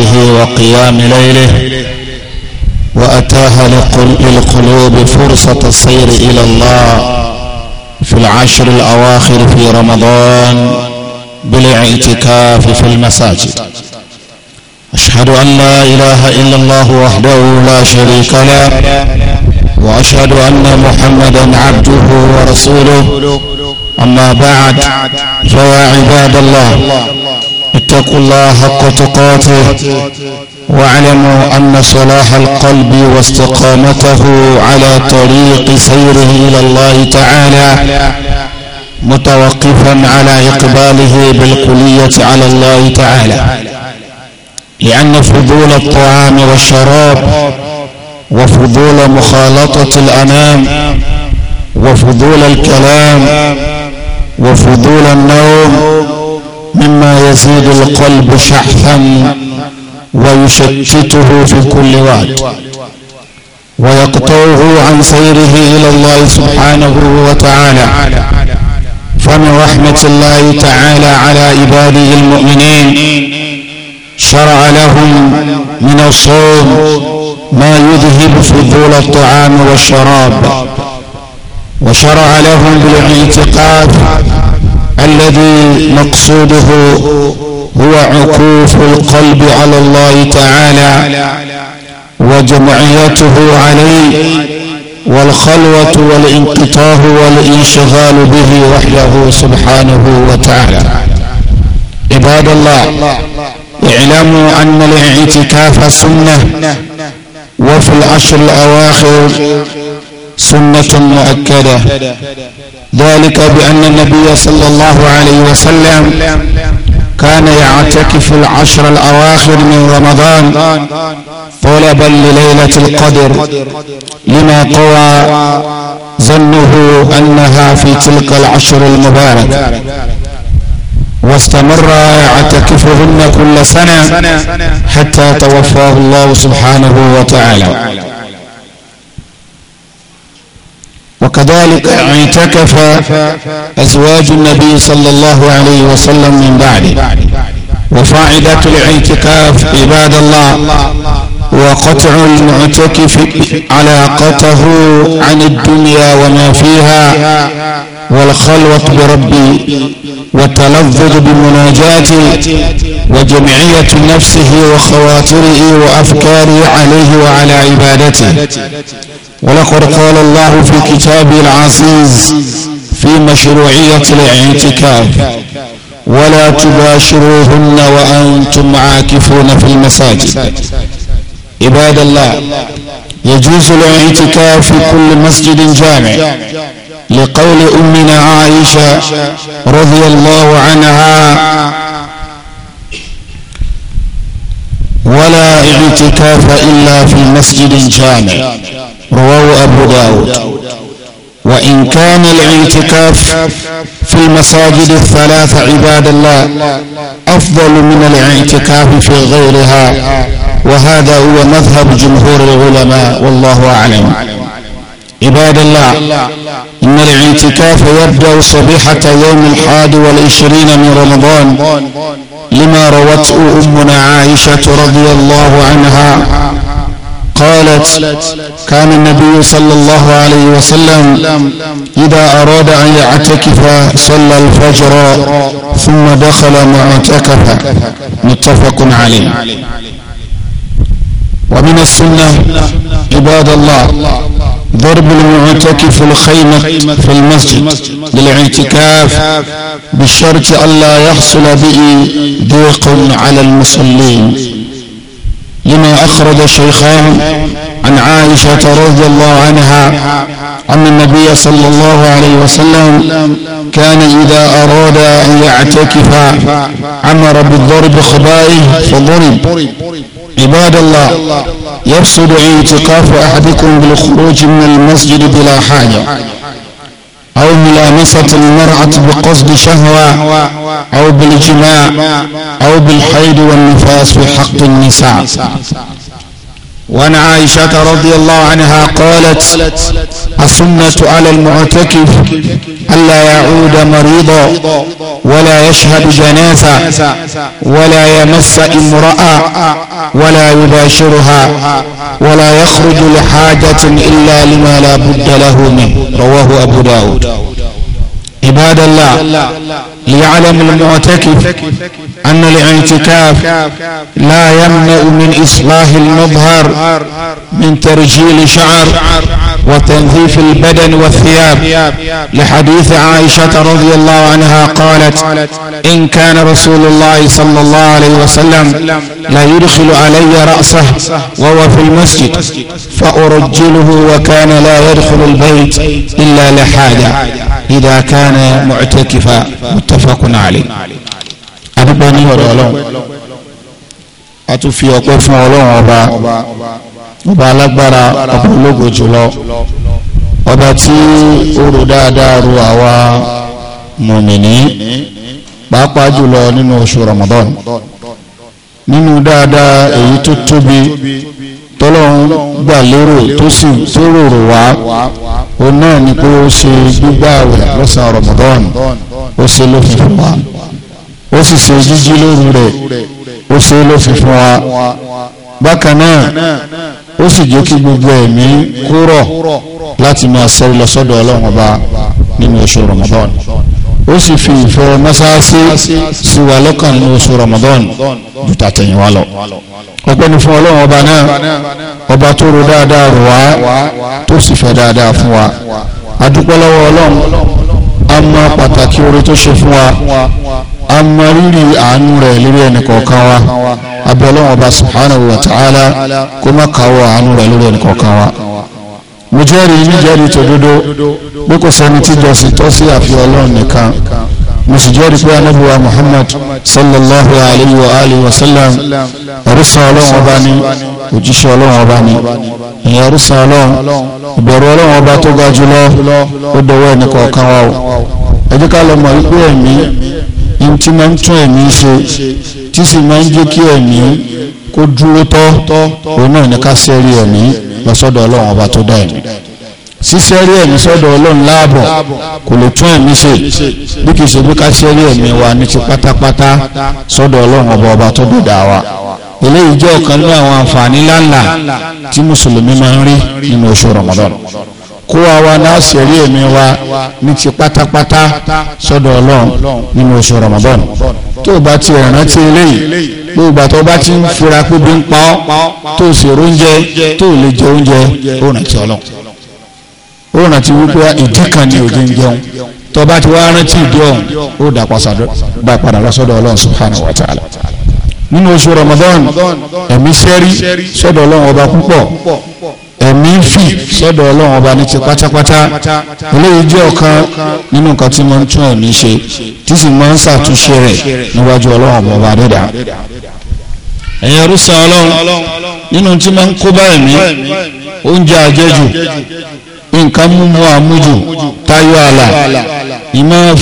نهاره وقيام ليله وأتاها للقلوب فرصة السير إلى الله في العشر الأواخر في رمضان بالاعتكاف في المساجد أشهد أن لا إله إلا الله وحده لا شريك له وأشهد أن محمدا عبده ورسوله أما بعد فيا عباد الله اتقوا الله حق تقاته واعلموا أن صلاح القلب واستقامته على طريق سيره إلى الله تعالى متوقفا على إقباله بالكلية على الله تعالى لأن فضول الطعام والشراب وفضول مخالطة الأنام وفضول الكلام وفضول النوم مما يزيد القلب شحثا ويشتته في كل وقت ويقطعه عن سيره إلى الله سبحانه وتعالى فمن رحمة الله تعالى على عباده المؤمنين شرع لهم من الصوم ما يذهب فضول الطعام والشراب وشرع لهم بالاعتقاد الذي مقصوده هو عكوف القلب على الله تعالى وجمعيته عليه والخلوة والانقطاع والانشغال به وحده سبحانه وتعالى عباد الله اعلموا أن الاعتكاف سنة وفي العشر الأواخر سنة مؤكدة ذلك بأن النبي صلى الله عليه وسلم كان يعتكف العشر الأواخر من رمضان طلبا لليلة القدر لما قوى ظنه أنها في تلك العشر المباركة واستمر يعتكفهن كل سنة حتى توفاه الله سبحانه وتعالى وكذلك اعتكف أزواج النبي صلى الله عليه وسلم من بعده وفائدة الاعتكاف عباد الله وقطع المعتكف علاقته عن الدنيا وما فيها والخلوة بربي والتلذذ بمناجاته وجمعية نفسه وخواطره وأفكاره عليه وعلى عبادته ولقد قال الله في كتابه العزيز في مشروعية الاعتكاف ولا تباشروهن وأنتم عاكفون في المساجد عباد الله يجوز الاعتكاف في كل مسجد جامع لقول أمنا عائشة رضي الله عنها ولا اعتكاف إلا في مسجد جامع رواه أبو داود وإن كان الاعتكاف في المساجد الثلاث عباد الله أفضل من الاعتكاف في غيرها وهذا هو مذهب جمهور العلماء والله أعلم عباد الله إن الاعتكاف يبدأ صبيحة يوم الحادي والعشرين من رمضان لما روته أمنا عائشة رضي الله عنها قالت كان النبي صلى الله عليه وسلم إذا أراد أن يعتكف صلى الفجر ثم دخل معتكفا متفق عليه ومن السنة عباد الله ضرب المعتكف الخيمة في المسجد للاعتكاف بشرط ألا يحصل به ضيق على المصلين بما أخرج الشيخان عن عائشة رضي الله عنها أن النبي صلى الله عليه وسلم كان إذا أراد أن يعتكف عمر بالضرب خبائه فضرب عباد الله يفسد اعتكاف أحدكم بالخروج من المسجد بلا حاجة أو ملامسة المرأة بقصد شهوة أو بالجماع أو بالحيض والنفاس في حق النساء وعن عائشة رضي الله عنها قالت السنة على المعتكف ألا يعود مريضا ولا يشهد جنازة ولا يمس امرأة ولا يباشرها ولا يخرج لحاجة إلا لما لا بد له منه رواه أبو داود عباد الله ليعلم المعتكف أن الاعتكاف لا يمنع من إصلاح المظهر من ترجيل شعر وتنظيف البدن والثياب لحديث عائشة رضي الله عنها قالت إن كان رسول الله صلى الله عليه وسلم لا يدخل علي رأسه وهو في المسجد فأرجله وكان لا يدخل البيت إلا لحاجة إذا كان معتكفا متفق عليه adúpẹ́ ní ọ̀dọ̀ ọlọ́run a tún fi ọpẹ́ fún ọlọ́run ọba ọba alágbára ọba ológo jùlọ ọba tí ó ro dáadáa ro àwa mùmìnì pàápàá jùlọ nínú oṣù Ramadan nínú dáadáa èyí tó tóbi tọ́lọ́run gbà lérò tó sì tó rorò wá o náà ni pé ó ṣe gbígbà àwẹ̀ lọ́sàn-án Ramadan ó ṣe lófin fún wa ó sì ṣe jíjí lóru rẹ̀ ó ṣe ló fi fún wa bákan náà ó sì jẹ́ kí gbogbo ẹ̀mí kúrọ̀ láti máa sẹ́rí lọ sọ́dọ̀ ọlọ́run ọba nínú oṣù Ramadan ó sì fi ìfẹ́ mọ́sáàsì sí wa lọ́kàn nínú oṣù Ramadan ju tàtẹ̀yìnwá lọ ọpẹ́ ni fún ọlọ́run ọba náà ọba tó ro dáadáa rò wá tó sì fẹ́ dáadáa fún wa adúpẹ́ lọ́wọ́ ọlọ́run a mọ pàtàkì oore tó ṣe fún wa a mọ rírì àánú rẹ̀ lórí ẹnì kọ̀ọ̀kan wa abẹ́ ọlọ́run ọba subhanahu wa ta'ala kó má káwọ́ àánú rẹ̀ lórí ẹnì kọ̀ọ̀kan wa mo jẹ́rìí níjẹ́rìí tòdodo pé kò sẹ́ni tí jọ́sìn tọ́ sí àfi ọlọ́run nìkan mo sì jẹ́rìí pé anábìwá muhammad sallallahu alayhi wa alihi wa sallam ẹ̀rúsàn ọlọ́run ọba ni òjíṣẹ́ ọlọ́run ọba ni ìyẹn ẹ̀rúsàn ọlọ́run ìbẹ̀rù ọlọ́run ọba tó ga jùlọ ó dọwọ́ ẹnì kọ̀ọ̀kan wa o ẹ n tí máa ń tún ẹ̀mí ṣe tí sì máa ń jẹ́ kí ẹ̀mí kó dúró tọ́ òun náà ní ká sẹ́rí ẹ̀mí lọ sọ́dọ̀ ọlọ́run ọba tó dá ẹ̀mí sísẹ́rí ẹ̀mí sọ́dọ̀ ọlọ́run láàbọ̀ kò lè tún ẹ̀mí ṣe bí kì í ṣe bí ká sẹ́rí ẹ̀mí wa ní ti pátápátá sọ́dọ̀ ọlọ́run ọba ọba tó dá wa eléyìí jẹ́ ọ̀kan nínú àwọn àǹfààní láńlá tí mùsùlùmí máa ń rí nínú oṣù Ramadan kó wa wa náà sẹ̀rí èmi wa ní ti pátápátá sọ́dọ̀ ọlọ́run nínú oṣù Ramadan tó o bá ti rántí eléyìí gbogbo ìgbà tó o bá ti ń fura pé bí ń pa ọ́ tó o sì róúnjẹ tó o lè jẹ oúnjẹ ó rántí ọlọ́run ó rántí wípé ìdí kan ni òjò ń jẹun tó o bá ti wá rántí ìdí ọ̀hún ó dà padà lọ sọ́dọ̀ ọlọ́run subhanahu wa ta'ala nínú oṣù Ramadan ẹ̀mí sẹ́rí sọ́dọ̀ ọlọ́run ọba púpọ̀ ẹ̀mí ń fì sọ́dọ̀ ọlọ́run ọba ní ti pátápátá eléyìí jẹ́ ọ̀kan nínú nǹkan tí mo ń tún ẹ̀mí ṣe tí sì máa ń ṣàtúnṣe rẹ̀ níwájú ọlọ́run ọba dídá ẹ̀yin ọ̀rúsàn ọlọ́run nínú tí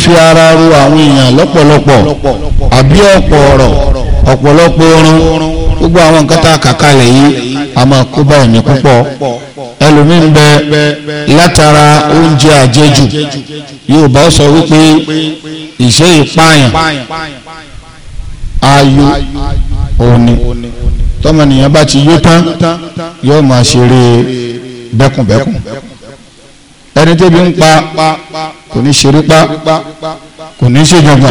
fi ara ru àwọn èèyàn lọ́pọ̀lọpọ̀ àbí ọ̀pọ̀ ọ̀rọ̀ ọ̀pọ̀lọpọ̀ orun gbogbo àwọn nǹkan tá a máa kó bá ẹ̀mí púpọ̀ ẹlòmíín bẹ látara oúnjẹ àjẹjù Yorùbá sọ wípé ìṣe ìpààyàn ayò òní tọmọnìyàn bá ti yó tán yóò máa ṣeré bẹ́kùnbẹ́kùn ẹni tẹ́bi ń pa kò ní ṣeré pa kò ní ṣèjọba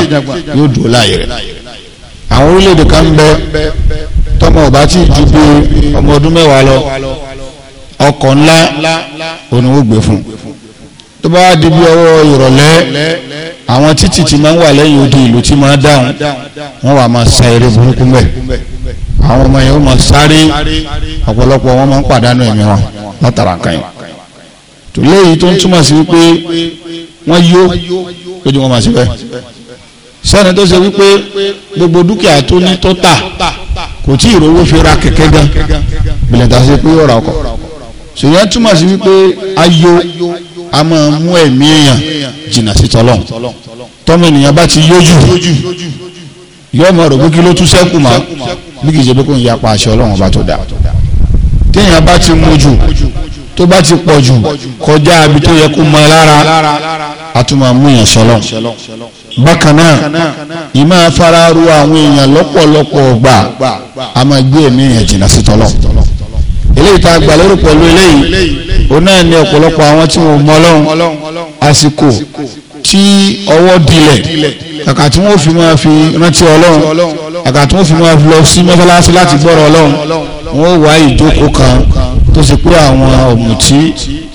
yóò dúró láàyè rẹ̀ àwọn orílẹ̀-èdè kan bẹ tọ́mọ ọba tí ju bí ọmọ ọdún mẹ́wàá lọ ọkọ̀ ńlá òun ó gbé fún tó bá di bí ọwọ́ ìrọ̀lẹ́ àwọn títì tí máa ń wà lẹ́yìn odi ìlú tí máa ń dáhùn wọ́n wà máa sa eré burúkú mẹ́ àwọn ọmọ yẹn ó máa sáré ọ̀pọ̀lọpọ̀ wọn máa ń pàdánù ẹ̀mí wọn látara kan yìí tó léyìí tó ń túmọ̀ sí wípé wọ́n yó lójú wọn máa sí bẹ́ẹ̀ sẹ́ni tó ṣe wípé gbogbo dúkìá tó ní tó tà kò tí ìrówó fi ra kẹ̀kẹ́ gan bìlẹ̀ tà sí pé ó ra ọkọ̀ ṣèyàn túmọ̀ sí wípé ayọ̀ a máa mú ẹ̀mí èèyàn jìnnà sí tọ́lọ̀ tọ́mọ ènìyàn bá ti yójú yóò máa rò pé kí ló tún sẹ́kù mọ́ bí kìí ṣe pé kò ń yapa àṣẹ ọlọ́run ọba tó dá téèyàn bá ti mú jù tó bá ti pọ̀ jù kọjá ibi tó yẹ kó mọ lára a tún máa mú èèyàn sọlọ́run bákan náà ìmọ̀ afáráró àwọn èèyàn lọ́pọ̀lọpọ̀ ọgbà a máa gbé ẹ̀mí èèyàn sí tọ́lọ̀ eléyìí tá a gbà lérò pẹ̀lú eléyìí òun náà ni ọ̀pọ̀lọpọ̀ àwọn tí wọ́n mọ ọlọ́run àsìkò tí ọwọ́ dilẹ̀ kàkà tí wọ́n fi máa fi rántí ọlọ́run kàkà tí wọ́n fi máa lọ sí mọ́sálásí láti gbọ́rọ̀ ọlọ́run wọ́n wá ìjókòó kan tó ṣe pé àwọn ọ̀mùtí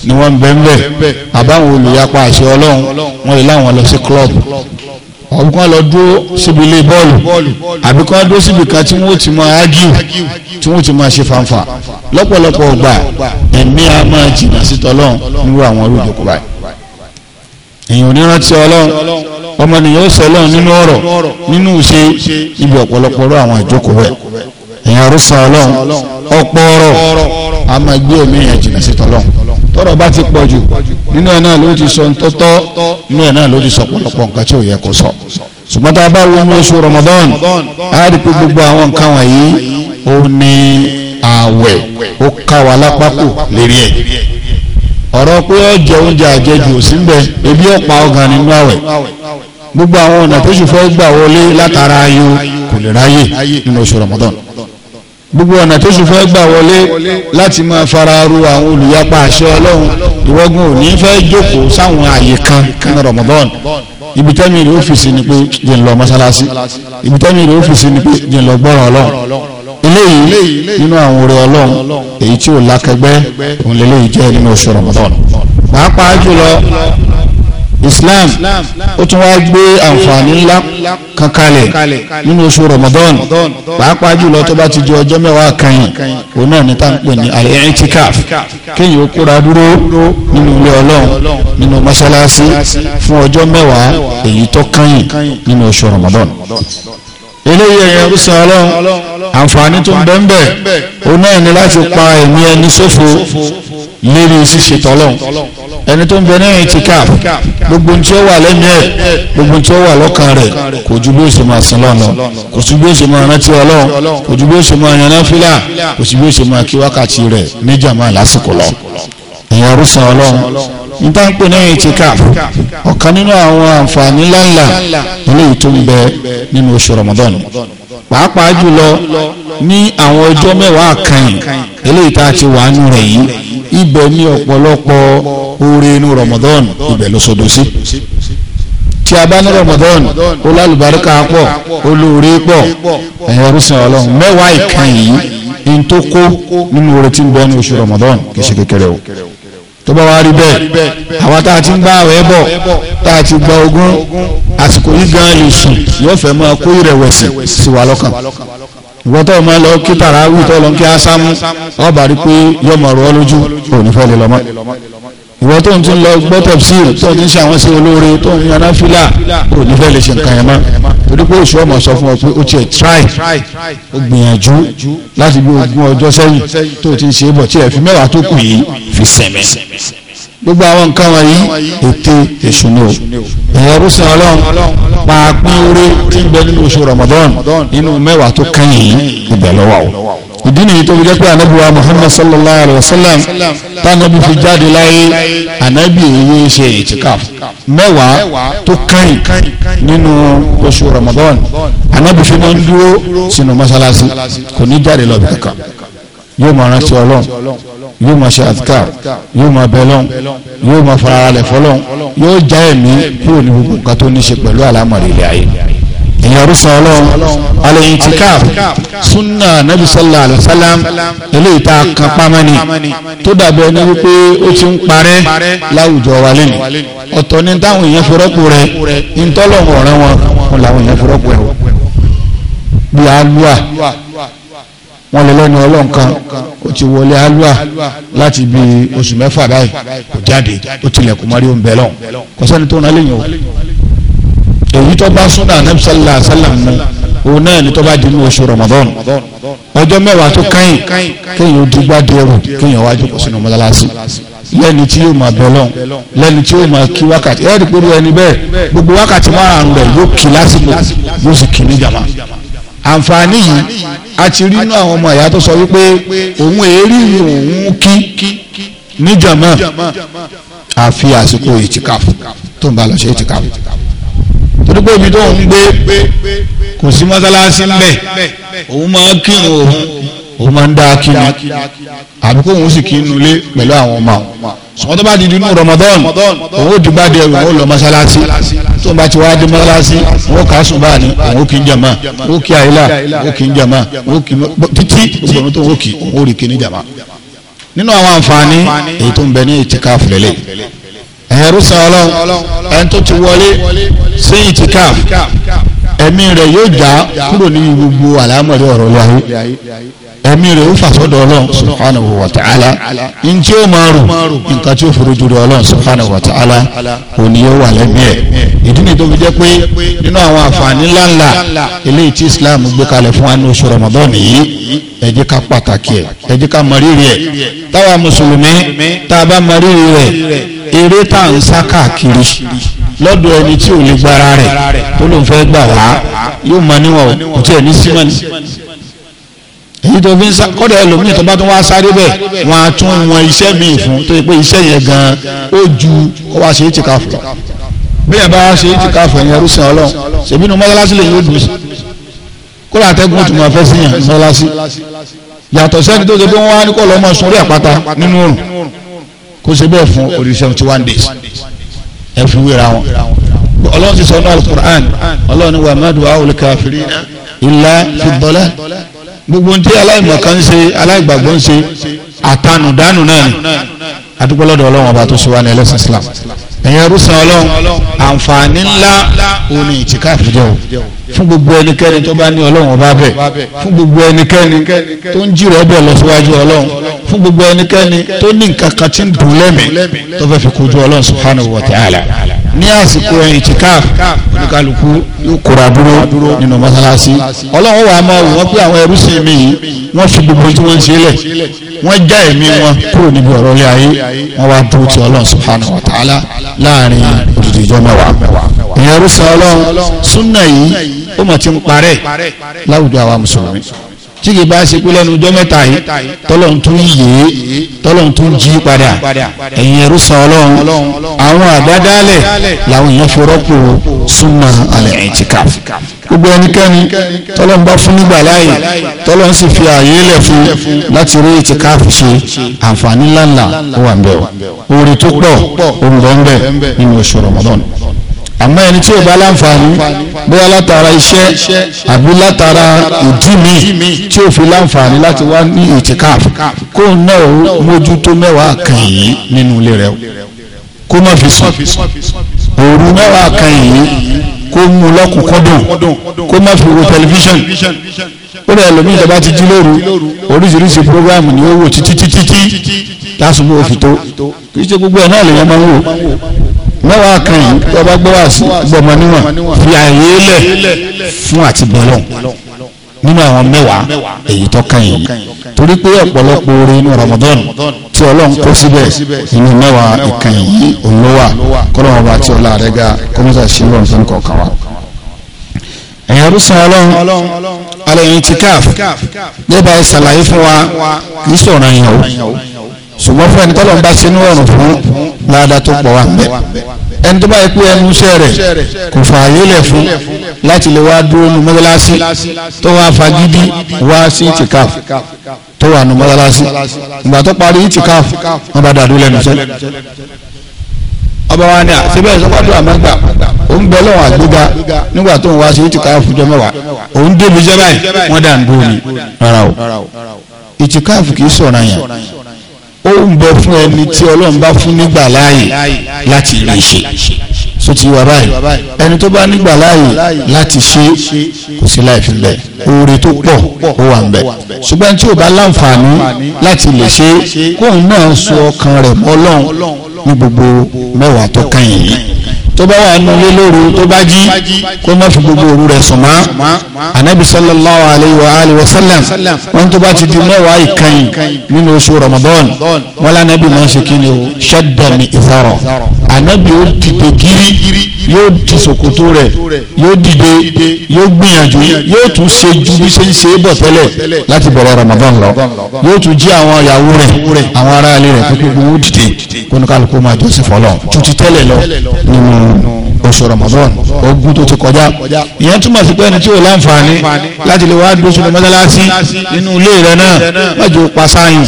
ni wọ́n ń bẹ́ńbẹ́ àbáwọn olùyapa àṣẹ ọlọ́run wọ́n lè láwọn lọ sí club ọ̀hún kan lọ dúró síbi ilé bọ́ọ̀lù àbí kan dúró síbi kan tí wọ́n ti máa ágíù tí wọ́n ti máa ṣe fanfa lọ́pọ̀lọpọ̀ ọgbà ẹ̀mí a máa jìnnà sí tọ́lọ́run nírú àwọn olùdókò báyìí. èèyàn onírántí ọlọ́run ọmọnìyàn ó sọ ọlọ́run nínú ọ̀rọ̀ nínú ìṣe ibi ọ̀pọ̀lọpọ̀ ọ̀rọ̀ àwọn ìjókòó rẹ̀ èèyàn arúsọ ọlọ́run ọ̀pọ̀ ọ̀rọ̀ a máa gbé ẹ̀mí yẹn jìnnà sí tọ́lọ́run tọ́rọ̀ bá ti pọ̀ jù nínú ẹ̀ náà ló ti sọ ntọ́tọ́ nínú ẹ̀ náà ló ti sọ pọ̀lọpọ̀ nǹkan tí ò yẹ kó sọ ṣùgbọ́n tá a bá wo oṣù Ramadan a rí pé gbogbo àwọn nǹkan wọ̀nyí ó ní ààwẹ̀ ó ká wa lápákò lérí ẹ̀ ọ̀rọ̀ pé ó jẹ oúnjẹ àjẹjù ò sí ń bẹ ebi ó pa ọ̀gàn nínú àwẹ̀ gbogbo àwọn ọ̀nà tó sì fẹ́ gbà wọlé látara ayò kò lè ráyè nínú oṣù Ramadan gbogbo ọ̀nà tó sì fẹ́ gbà wọlé láti máa fara ru àwọn olùyapa àṣẹ ọlọ́run ìwọ́gun ò ní fẹ́ jókòó sáwọn àyè kan nínú Ramadan ibi tẹ́mi rẹ̀ ọ́fíìsì ni pé jẹ́ ń lọ mọ́sálásí ibi tẹ́mi rẹ̀ ọ́fíìsì ni pé jẹ́ ń lọ gbọ́rọ̀ ọlọ́run eléyìí nínú àwọn oore ọlọ́run èyí tí ò lákẹgbẹ́ òun lélẹ́yìí jẹ́ nínú oṣù Ramadan pàápàá jùlọ islam ó tún wá gbé àǹfààní ńlá kan nínú oṣù ramadan pàápàá jùlọ tó bá ti jẹ ọjọ́ mẹ́wàá kẹyìn òun náà ní tá ń pè ní al-i'tikaf kéyìn ó kóra dúró nínú ilé ọlọ́run nínú mọ́ṣáláṣí fún ọjọ́ mẹ́wàá èyí tó kẹyìn nínú oṣù ramadan eléyìí ẹ̀yẹ rúṣà ọlọ́run àǹfààní tó ń bẹ ń bẹ òun náà ní láti pa ẹ̀mí ẹni ṣòfò lérí ṣíṣe tọ́lọ́run ẹni tó ń bẹ ní itikaf gbogbo tí ó wà lẹ́mí ẹ̀ gbogbo tí ó wà lọ́kàn rẹ̀ kò ju bí ó ṣe máa sin lọ́nà kò ju bí ó ṣe máa rántí ọlọ́run kò ju bí ó ṣe máa yan náfìlà kò ju bí ó ṣe máa kí wákàtí rẹ̀ níjàmá lásìkò lọ èèyàn rúfin ọlọ́run nígbà ń pè ní itikaf ọ̀kan nínú àwọn àǹfààní ńláńlá eléyìí tó ń bẹ nínú oṣù Ramadan pàápàá jùlọ ní àwọn ọjọ́ mẹ́wàá kan eléyìí tá a ti wà nù rẹ̀ yìí ibẹ̀ ní ọ̀pọ̀lọpọ̀ oore inú Ramadan ibẹ̀ ló sọdọ̀ sí tí a bá ní Ramadan ó lálùbáríkà pọ̀ ó lóore pọ̀ ẹ̀yẹ́rú sìn ọlọ́run mẹ́wàá ìkan yìí in tó kó nínú oore tí ń bẹ ní oṣù Ramadan kì í ṣe kékeré o tó bá wá rí bẹ́ẹ̀ àwa tá a ti ń bá àwẹ̀ bọ̀ tá a ti gba ogún àsìkò yìí gan-an yìí sùn yóò fẹ́ máa kó ìrẹ̀wẹ̀sì sí wa lọ́kàn ìwọ́n tó máa lọ kí tàràwì tó lọ kí ásámú ọba rí pé yọmọ rọ lójú òní fẹ́ lè lọ́mọ ìwọ́n tó ń tún lọ gbọ́ tẹ̀síìl tó ń ṣe àwọn sí olóore tó ń yan náfìlà òní fẹ́ lè ṣe nǹkan yẹn mọ́ torí pé oṣù ọmọ sọ fún ọ pé ó tiẹ̀ try ó gbìyànjú láti bí ogún ọjọ́ sẹ́yìn tó ti ń ṣe é bọ̀ tí ẹ̀ fi mẹ́wàá tó kù yìí fi sẹ̀mẹ́ gbogbo àwọn nǹkan wọ̀nyí ète ìṣúná o ẹ̀yẹ rúṣin ọlọ́run pàápín orí tí ń bẹ nínú oṣù Ramadan nínú mẹ́wàá tó kẹ́yìn yìí ibẹ̀ lọ́wọ́ o ìdí nìyí tó fi jẹ́ pé ànábì wa Muhammad sallallahu alayhi wa sallam tánàbí fi jáde láyé ànábì èyí ṣe ìtìkàf mẹ́wàá tó kẹ́yìn nínú oṣù Ramadan ànábì fi máa ń dúró sínú mọ́ṣáláṣí kò ní jáde lọ bí kankan yóò máa rántí ọlọ́run yóò máa ṣe àtikáà yóò máa bẹ lọ́n yóò máa fara rẹ̀ fọlọ́n yóò já ẹ̀mí kúrò ní gbogbo nǹkan tó ní ṣe pẹ̀lú àlámọ̀rí ilé ayé ìyẹn rúṣan ọlọ́run al-i'tikaf súnà nàbì sallallahu alaihi wasallam eléyìí tá a kan pamani tó dàbí ẹni wípé ó ti ń parẹ́ láwùjọ wa lẹ́nu ọ̀tọ̀ ní táwọn èèyàn fi rọ́pò rẹ̀ ní tọ́lọ̀ ọ̀rẹ́ wọn làwọn èèyàn fi rọ́pò rẹ̀ bí a lùà wọ́n lè lẹ́nu ọlọ́run kan ó ti wọlé alúà láti bí oṣù mẹ́fà báyìí kò jáde ó tilẹ̀kùn mọ́rí òun bẹ̀lọ́n kò sẹ́ni tó ń rálẹ̀ yẹn o èyí tó bá súnà anabi sallallahu sallam mu òun náà ni tó bá di ní oṣù ramadan ọjọ́ mẹ́wàá tó kẹ́yìn kéèyàn ó dúgbà dẹrù kéèyàn wá jókòó sínú mọ́lásí lẹ́ni tí yóò máa bẹ̀lọ́n lẹ́ni tí yóò máa kí wákàtí ẹ̀ẹ́dì pé ẹni bẹ́ẹ̀ gbogbo wákàtí márùn-ún rẹ̀ yóò kí lásìkò yóò sì kí ní jàmá àǹfààní yìí a ti rí inú àwọn ọmọ ìyá tó sọ wípé òun èérí òun kí níjàmá àfi àsìkò ìtìkàfù tó ń bá lọ ṣe ìtìkàfù torí pé omi tó ń gbé kò sí mọ́sálásí ńbẹ̀ òun máa ń òun òun máa ń dá kírun àbí kó òun sì kí inú ilé pẹ̀lú àwọn ọmọ àwọn sọ̀tọ́ bá di inú Ramadan òun ó dìgbà di ẹrù òun ó lọ mọ́sálásí tó ń bá ti wá dé mọ́lásí wọ́n kà á sùn báà ní òun kì í jàmá wọ́n kì í àyílà wọ́n kì í jàmá wọ́n kì í títí gbogbo tó wọ́n kì í wọ́n rì kì í jàmá. nínú àwọn àǹfààní èyí tó ń bẹ ní ìtìkáf lélẹ̀ ẹ̀rú san ọlọ́run ẹni tó ti wọlé sí ìtìkáf ẹ̀mí rẹ̀ yóò já kúrò ní gbogbo àlámọ̀rí ọ̀rọ̀ lọ́wọ́ ẹ̀mí rẹ̀ ó fàsọ́dọ̀ ọlọ́run subhanahu wa ta'ala in tí ó máa rò nǹkan tí ó forójú ọlọ́run subhanahu wa ta'ala òní yóò wà lẹ́mí ẹ̀ ìdí ni tó fi jẹ́ pé nínú àwọn àǹfààní ńláńlá eléyìí tí islam gbé kalẹ̀ fún wa ní oṣù ramadan yìí ẹ ká pàtàkì ẹ̀ ẹ ká mọrírì ẹ̀ táwa mùsùlùmí tá a bá mọrírì rẹ̀ eré tá à ń sá káàkiri lọ́dọ̀ ẹni tí ò lè gbára rẹ̀ tó ló ń fẹ́ gbà wá yóò mọ níwọ̀n kò tí ẹ̀ ní símọ́ni èyí tó fi ń sá kọ́dọ̀ ẹlòmíì tó bá tún wá sáré bẹ́ẹ̀ wọ́n á tún wọn iṣẹ́ míì fún tó yẹ pé iṣẹ́ yẹn gan ó ju kó wá ṣe é ti ká fún bí yẹn bá ṣe é ti ká fún ẹ̀yẹn rúṣin ọlọ́run ṣèbí inú mọ́sálásí lè yóò dùn sí kó lè àtẹ́gùn tó máa fẹ́ sí yàn mọ́sálásí yàtọ̀ sẹ́ni tó ṣe pé wọ́n wá ní kó lọ́mọ sun orí àpáta nínú òrùn kó ṣe bẹ́ẹ̀ fún orí seventy one days ẹ fi wéra wọn ọlọ́run ti sọ ní alukur'an gbogbo ntí aláìmọ̀kan ń ṣe aláìgbàgbọ́ ń ṣe àtanùdánù náà ni adúgbòlọ́dọ̀ ọlọ́run ọba tó ṣe wá ní ẹlẹ́sìn islam ẹ̀yin ẹrúsàn ọlọ́run àǹfààní ńlá òní ìtìkáàfù jẹ́ o fún gbogbo ẹnikẹ́ni tó bá ní ọlọ́run ọba bẹ̀ fún gbogbo ẹnikẹ́ni tó ń jìrọ̀ ọbẹ̀ lọ síwájú ọlọ́run fún gbogbo ẹnikẹ́ni tó ní nǹkan kan tí ń dùn lẹ́mìí tó fẹ́ fi kojú ọlọ́run subhanahu wa ta'ala ní àsìkò ìtìkáf oníkàlùkù yóò kóra dúró nínú mọ́sálásí ọlọ́run wà á máa wò wọ́n pé àwọn ẹrú sí mi yìí wọ́n fi gbogbo tí wọ́n ń ṣe lẹ̀ wọ́n já ẹ̀mí wọn kúrò níbi ọ̀rọ̀ ilé ayé wọ́n wá dúró ti ọlọ́run subhanahu wa láàrin òdìdí ìjọ mẹ́wàá ìyẹn ẹrú ọlọ́run súnà yìí ó mà ti ń parẹ́ láwùjọ àwa mùsùlùmí tí kì í bá ṣe pé lẹ́nu ọjọ́ mẹ́ta yìí tọ́lọ́n tún yé tọ́lọ́n tún jí padà ẹ̀yin ẹ̀rú san ọlọ́run àwọn àdádálẹ̀ làwọn èèyàn fi rọ́pò súnmọ́ alẹ́ ẹ̀tìkáf gbogbo ẹnikẹ́ni tọ́lọ́n bá fún nígbà láàyè tọ́lọ́n sì fi ààyè lẹ̀ fún láti rí ẹ̀tìkáf ṣe àǹfààní ńláńlá wà ń bẹ̀ ó tó pọ̀ ó ń bẹ̀ nínú oṣù rọ̀mọ́dọ́nù àmọ́ ẹni tí ò bá láǹfààní bóyá látara iṣẹ́ àbí látara ìdí mi tí ò fi láǹfààní láti wá ní ìtìkáf kó náà mójútó mẹ́wàá kan yìí nínú ilé rẹ̀ kó má fi sùn òru mẹ́wàá kan yìí kó mú lọ́kùnkúndùn kó má fi wo tẹlifíṣàn ó rẹ̀ lómi ìjọba ti jí lóru oríṣiríṣi programu ni ó wò títí títí tásùmọ̀ òfìtó kì í ṣe gbogbo ẹ̀ náà lèèyàn máa ń wò mẹ́wàá kan yìí tó bá gbọ́ wá sí gbọmọ níwọ̀n fi àyè lẹ̀ fún àti bọ́lọ̀ nínú àwọn mẹ́wàá èyí tó kàn yìí torí pé ọ̀pọ̀lọpọ̀ oore inú Ramadan tí Ọlọ́run kó síbẹ̀ inú mẹ́wàá ìkànnì yìí òun ló wà kọ́lọ́wọ́n bá tí ọlá rẹ̀ ga kọ́mísà sílọ̀ nǹkan kọ̀ọ̀kan wa ẹ̀yàn rúsan ọlọ́run alẹ́yìn ti káf nígbà ìsàlàyé fún wa kì í sọ̀rọ̀ àyàn o ṣùgbọ́n fún ẹni tọ́lọ́ ń bá ṣe ní ọ̀rùn fún láàdá tó pọ̀ wà ń bẹ̀ ẹni tó bá yẹ pé ẹnu iṣẹ́ rẹ̀ kò fààyè lẹ̀ fún láti lè wá dúró nu mọ́tálásí tó wá fagídí wá sí ìtìkáf tó wà nu mọ́tálásí ìgbà tó parí ìtìkáf wọn bá dàdú lẹ́nu iṣẹ́ ọba wa ni à síbẹ̀ ìsọpọ̀tò àmọ́gbà òun bẹ lọ́wọ́ àgbéga nígbà tó ń wá sí ìtìkáf jẹ́ mẹ́wàá òun débi jẹ́ báyìí wọ́n dà ń dúró ni rárá o ìtìkáf kì í sọ̀rọ̀ ó ń bẹ fún ẹni tí ọlọ́run bá fún nígbà láàyè láti lè ṣe tó ti wà báyìí ẹni tó bá nígbà láàyè láti ṣe kò sí láì fi bẹ oore tó pọ̀ ó wà ń bẹ ṣùgbọ́n tí ò bá láǹfààní láti lè ṣe kóun náà sọ ọkàn rẹ̀ mọ́ ọlọ́run ní gbogbo mẹ́wàá tó kàn yìí tó bá wà nù lé lóru tó bá jí kó má fi gbogbo òru rẹ̀ sùn mọ́ anabi sallallahu alayhi wa alayhi wa sallam wọn tó bá ti di mẹ́wàá ìkànnì nínú oṣù ramadan wọn lànà bí wọn ṣe kí ni o ṣẹ́dàmì ìzárọ̀ ànábì ti dìde gírí yóò ti ṣòkòtò rẹ̀ yóò dìde yóò gbìyànjú yóò tún ṣe ju bí ṣe ń ṣe é bọ̀ tẹ́lẹ̀ láti bọ̀rọ̀ Ramadan lọ yóò tún jí àwọn ìyàwó rẹ̀ àwọn aráalé rẹ̀ kó gbogbo ó dìde kó ní kálukú máa jọ́sìn tuntun tẹ́lẹ̀ lọ nínú oṣù Ramadan ogún tó ti kọjá ìyẹn túmọ̀ sí pé ẹni tí ò láǹfààní láti lè wá gbóṣù ní mọ́sálásí nínú ilé rẹ náà mẹ́jọ pa sáyìn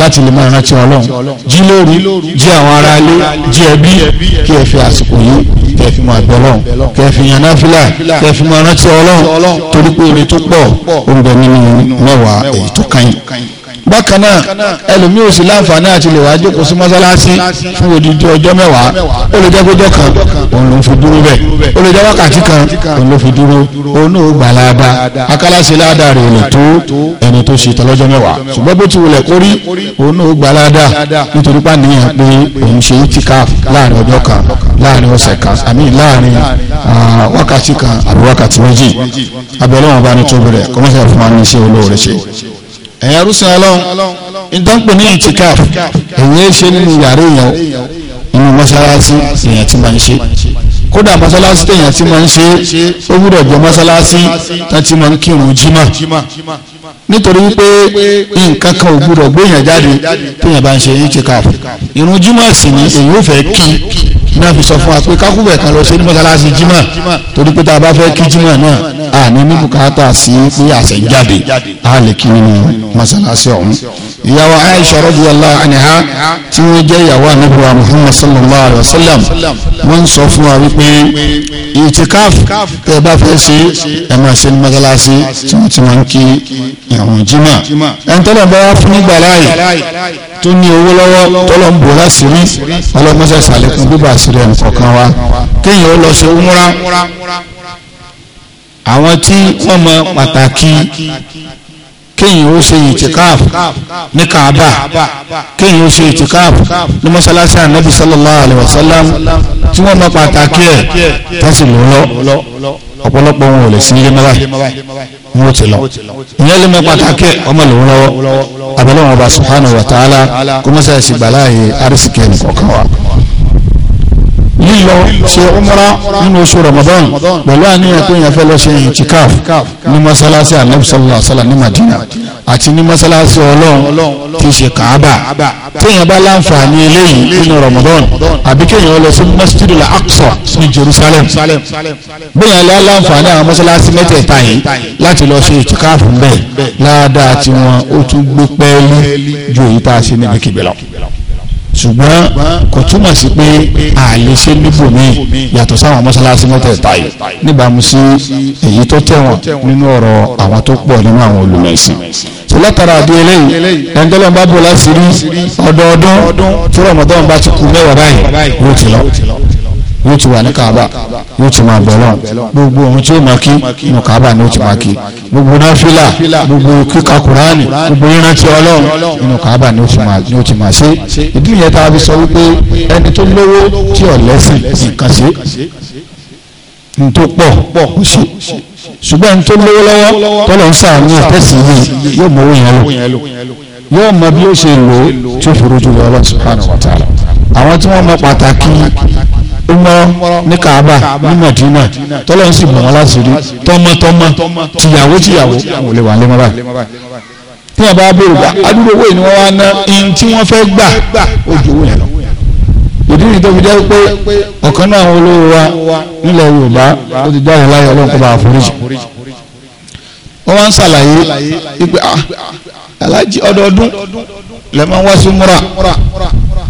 láti lè máa rántí ọlọ́run jí lóru jí àwọn ará ilé jí ẹbí kí ẹ fi àsìkò yìí kí ẹ fi máa bẹ ọlọ́run kí ẹ fi yan náfìlà kí ẹ fi máa rántí ọlọ́run torí pé èrè tó pọ̀ ó nínú mẹ́wàá èyí tó kàn yín bákan náà ẹlòmíì ò sí láǹfààní àti lè wá jókòó sí mọ́sálásí fún odidi ọjọ́ mẹ́wàá ó lè jẹ́ gbọ́jọ́ kan òun ló fi dúró bẹ́ẹ̀ ó lè jẹ́ wákàtí kan òun ló fi dúró òun náà ó gbà láadáa akálàsí láadáa rẹ̀ lè tó ẹni tó ṣe tọ́lọ́jọ́ mẹ́wàá ṣùgbọ́n bó ti wulẹ̀ kórí òun náà ó gbà láadáa nítorí pé àníyàn pé òun ṣe ìtìká láàrin ọjọ́ kan láàrin ọ̀sẹ̀ kan àmì láàrin wákàtí kan àbí wákàtí méjì abẹ́lẹ́ wọn bá ní tóbi rẹ̀ kọ́mọ́sẹ̀ fún wa ní iṣẹ́ olóore ṣe ẹ̀yà rúṣin ọlọ́run ìdánpọ̀ ní ìtìkáf èyí ṣe nínú yàrá èèyàn inú mọ́ṣáláṣí èèyàn ti máa ń ṣe kódà mọ́ṣáláṣí èèyàn ti máa ń ṣe ó gbúdọ̀ jẹ́ mọ́ṣáláṣí tán ti máa ń kírun jímà nítorí wípé nǹkan kan ò gbúdọ̀ gbéyàn jáde téèyàn bá ń ṣe ìtìkáf irun jímà sì ni èyí ò fẹ́ kí náà fi sọ fún wa pé kákúbẹ̀ kan lọ sí ní mọ́sálásí jimá torí pé tá a bá fẹ́ kí jimá náà a ní ní bùkátà sí pé àṣẹ jáde a lè kí nínú mọ́sálásí ọ̀hún ìyàwó aisha radiyallahu anha tí wọ́n jẹ́ ìyàwó anabiwa muhammad sallallahu alayhi wa sallam wọ́n sọ fún wa wípé itikaf tẹ́ bá fẹ́ ṣe ẹ máa ṣe ní mọ́sálásí tí wọ́n ti máa ń kí ìrun jimá ẹni tọ́lọ̀ bá wá fún ìgbà láàyè tó ní owó lọ́wọ́ tọ́lọ̀ ń bò láṣìírí ọlọ́mọṣẹ́ sàlékún bíbà àṣírí ẹnì wa kéèyàn ó lọ ṣe umra àwọn tí wọ́n mọ pàtàkì kéèyàn ó ṣe ìtìkáàf ní kaaba kéèyàn ó ṣe ìtìkáàf ní mọ́sálásí ànábì sallallahu alayhi wa sallam tí wọ́n mọ pàtàkì ẹ̀ tẹ́sí lọ́lọ́ ọ̀pọ̀lọpọ̀ wọn ò lè sí ilé mẹ́wàá wọn ò ti lọ ìyẹn lè mọ pàtàkì ẹ̀ ọmọ lòun lọ́wọ́ abẹ́lẹ́ wọn bá subhanahu wa ta'ala kó mọ́sálásí gbàláyé arísìkẹ́ nìkan kan wa lílọ ṣe umra nínú oṣù ramadan pẹ̀lú àníyàn pé èèyàn fẹ́ lọ ṣe ìtìkáf ní mọ́sálásí anabi sallallahu alaihi wasallam ní madina àti ní mọ́sálásí ọlọ́run tí ṣe kàábà téèyàn bá láǹfààní eléyìí nínú ramadan àbí kéèyàn lọ sí masjid al-aqsa ní jerusalem bóyá ilé aláǹfààní àwọn mọ́sálásí mẹ́tẹ̀ẹ̀ta yìí láti lọ ṣe ìtìkáf ń bẹ̀ ládàá tí ó tún gbé pẹ́ẹ́lí ju èyí tá a ṣe níbi kìbìlọ̀ ṣùgbọ́n kò túmọ̀ sí pé a lè ṣe nípò míì yàtọ̀ sáwọn mọ́ṣáláṣí mẹ́tẹ̀ẹ̀ta yìí níbàámu sí èyí tó tẹ̀wọ̀n nínú ọ̀rọ̀ àwọn tó pọ̀ nínú àwọn olùmẹ̀sìn látara àdé eléyìí ẹnjẹ́lẹ̀ bá bọ̀ láti rí ọdọọdún tí rọ̀mọ́dọ́n bá ti kú mẹ́wàá báyìí yóò ti lọ yóò ti wà ní kaaba yóò ti máa bẹ̀rẹ̀ gbogbo ohun tí ó máa kí inú kaaba ni ó ti máa kí gbogbo náfìlà gbogbo kíka kuraani gbogbo ìrántí ọlọ́run inú kaaba ni ó ti máa ṣe ìdí yẹn tá a fi sọ wípé ẹni tó lówó tí ò lẹ́sìn nǹkan ṣe ntó pọ̀ kò ṣe ṣùgbọ́n ntó lówó lọ́wọ́ tọ́lọ̀ ń sàánú ẹ̀tẹ́sì yìí yóò mọ owó yẹn lò yóò mọ bí ó ṣe lò ó tí ó fi lọ́wọ́ umrọ ní kaaba ní madina tọ́lọ́ ń sì mọ̀ wọn láti rí tọmọtọmọ tìyàwó tìyàwó àwọn olè wà lé mọ́ra tí wọn bá bèrè gbà adúlọ owó ìní wọn wá ná ihun tí wọn fẹ́ gbà ó ju owó yẹn lọ ìdí ni tó fi jẹ́ pé ọ̀kan náà àwọn olówó wa nílẹ̀ yorùbá ó ti dáhùn láyé ọlọ́run kó bá àforíjì wọ́n wá ń ṣàlàyé ìgbà ah, alájí ọdọọdún lẹ́mọ̀ wá sí múra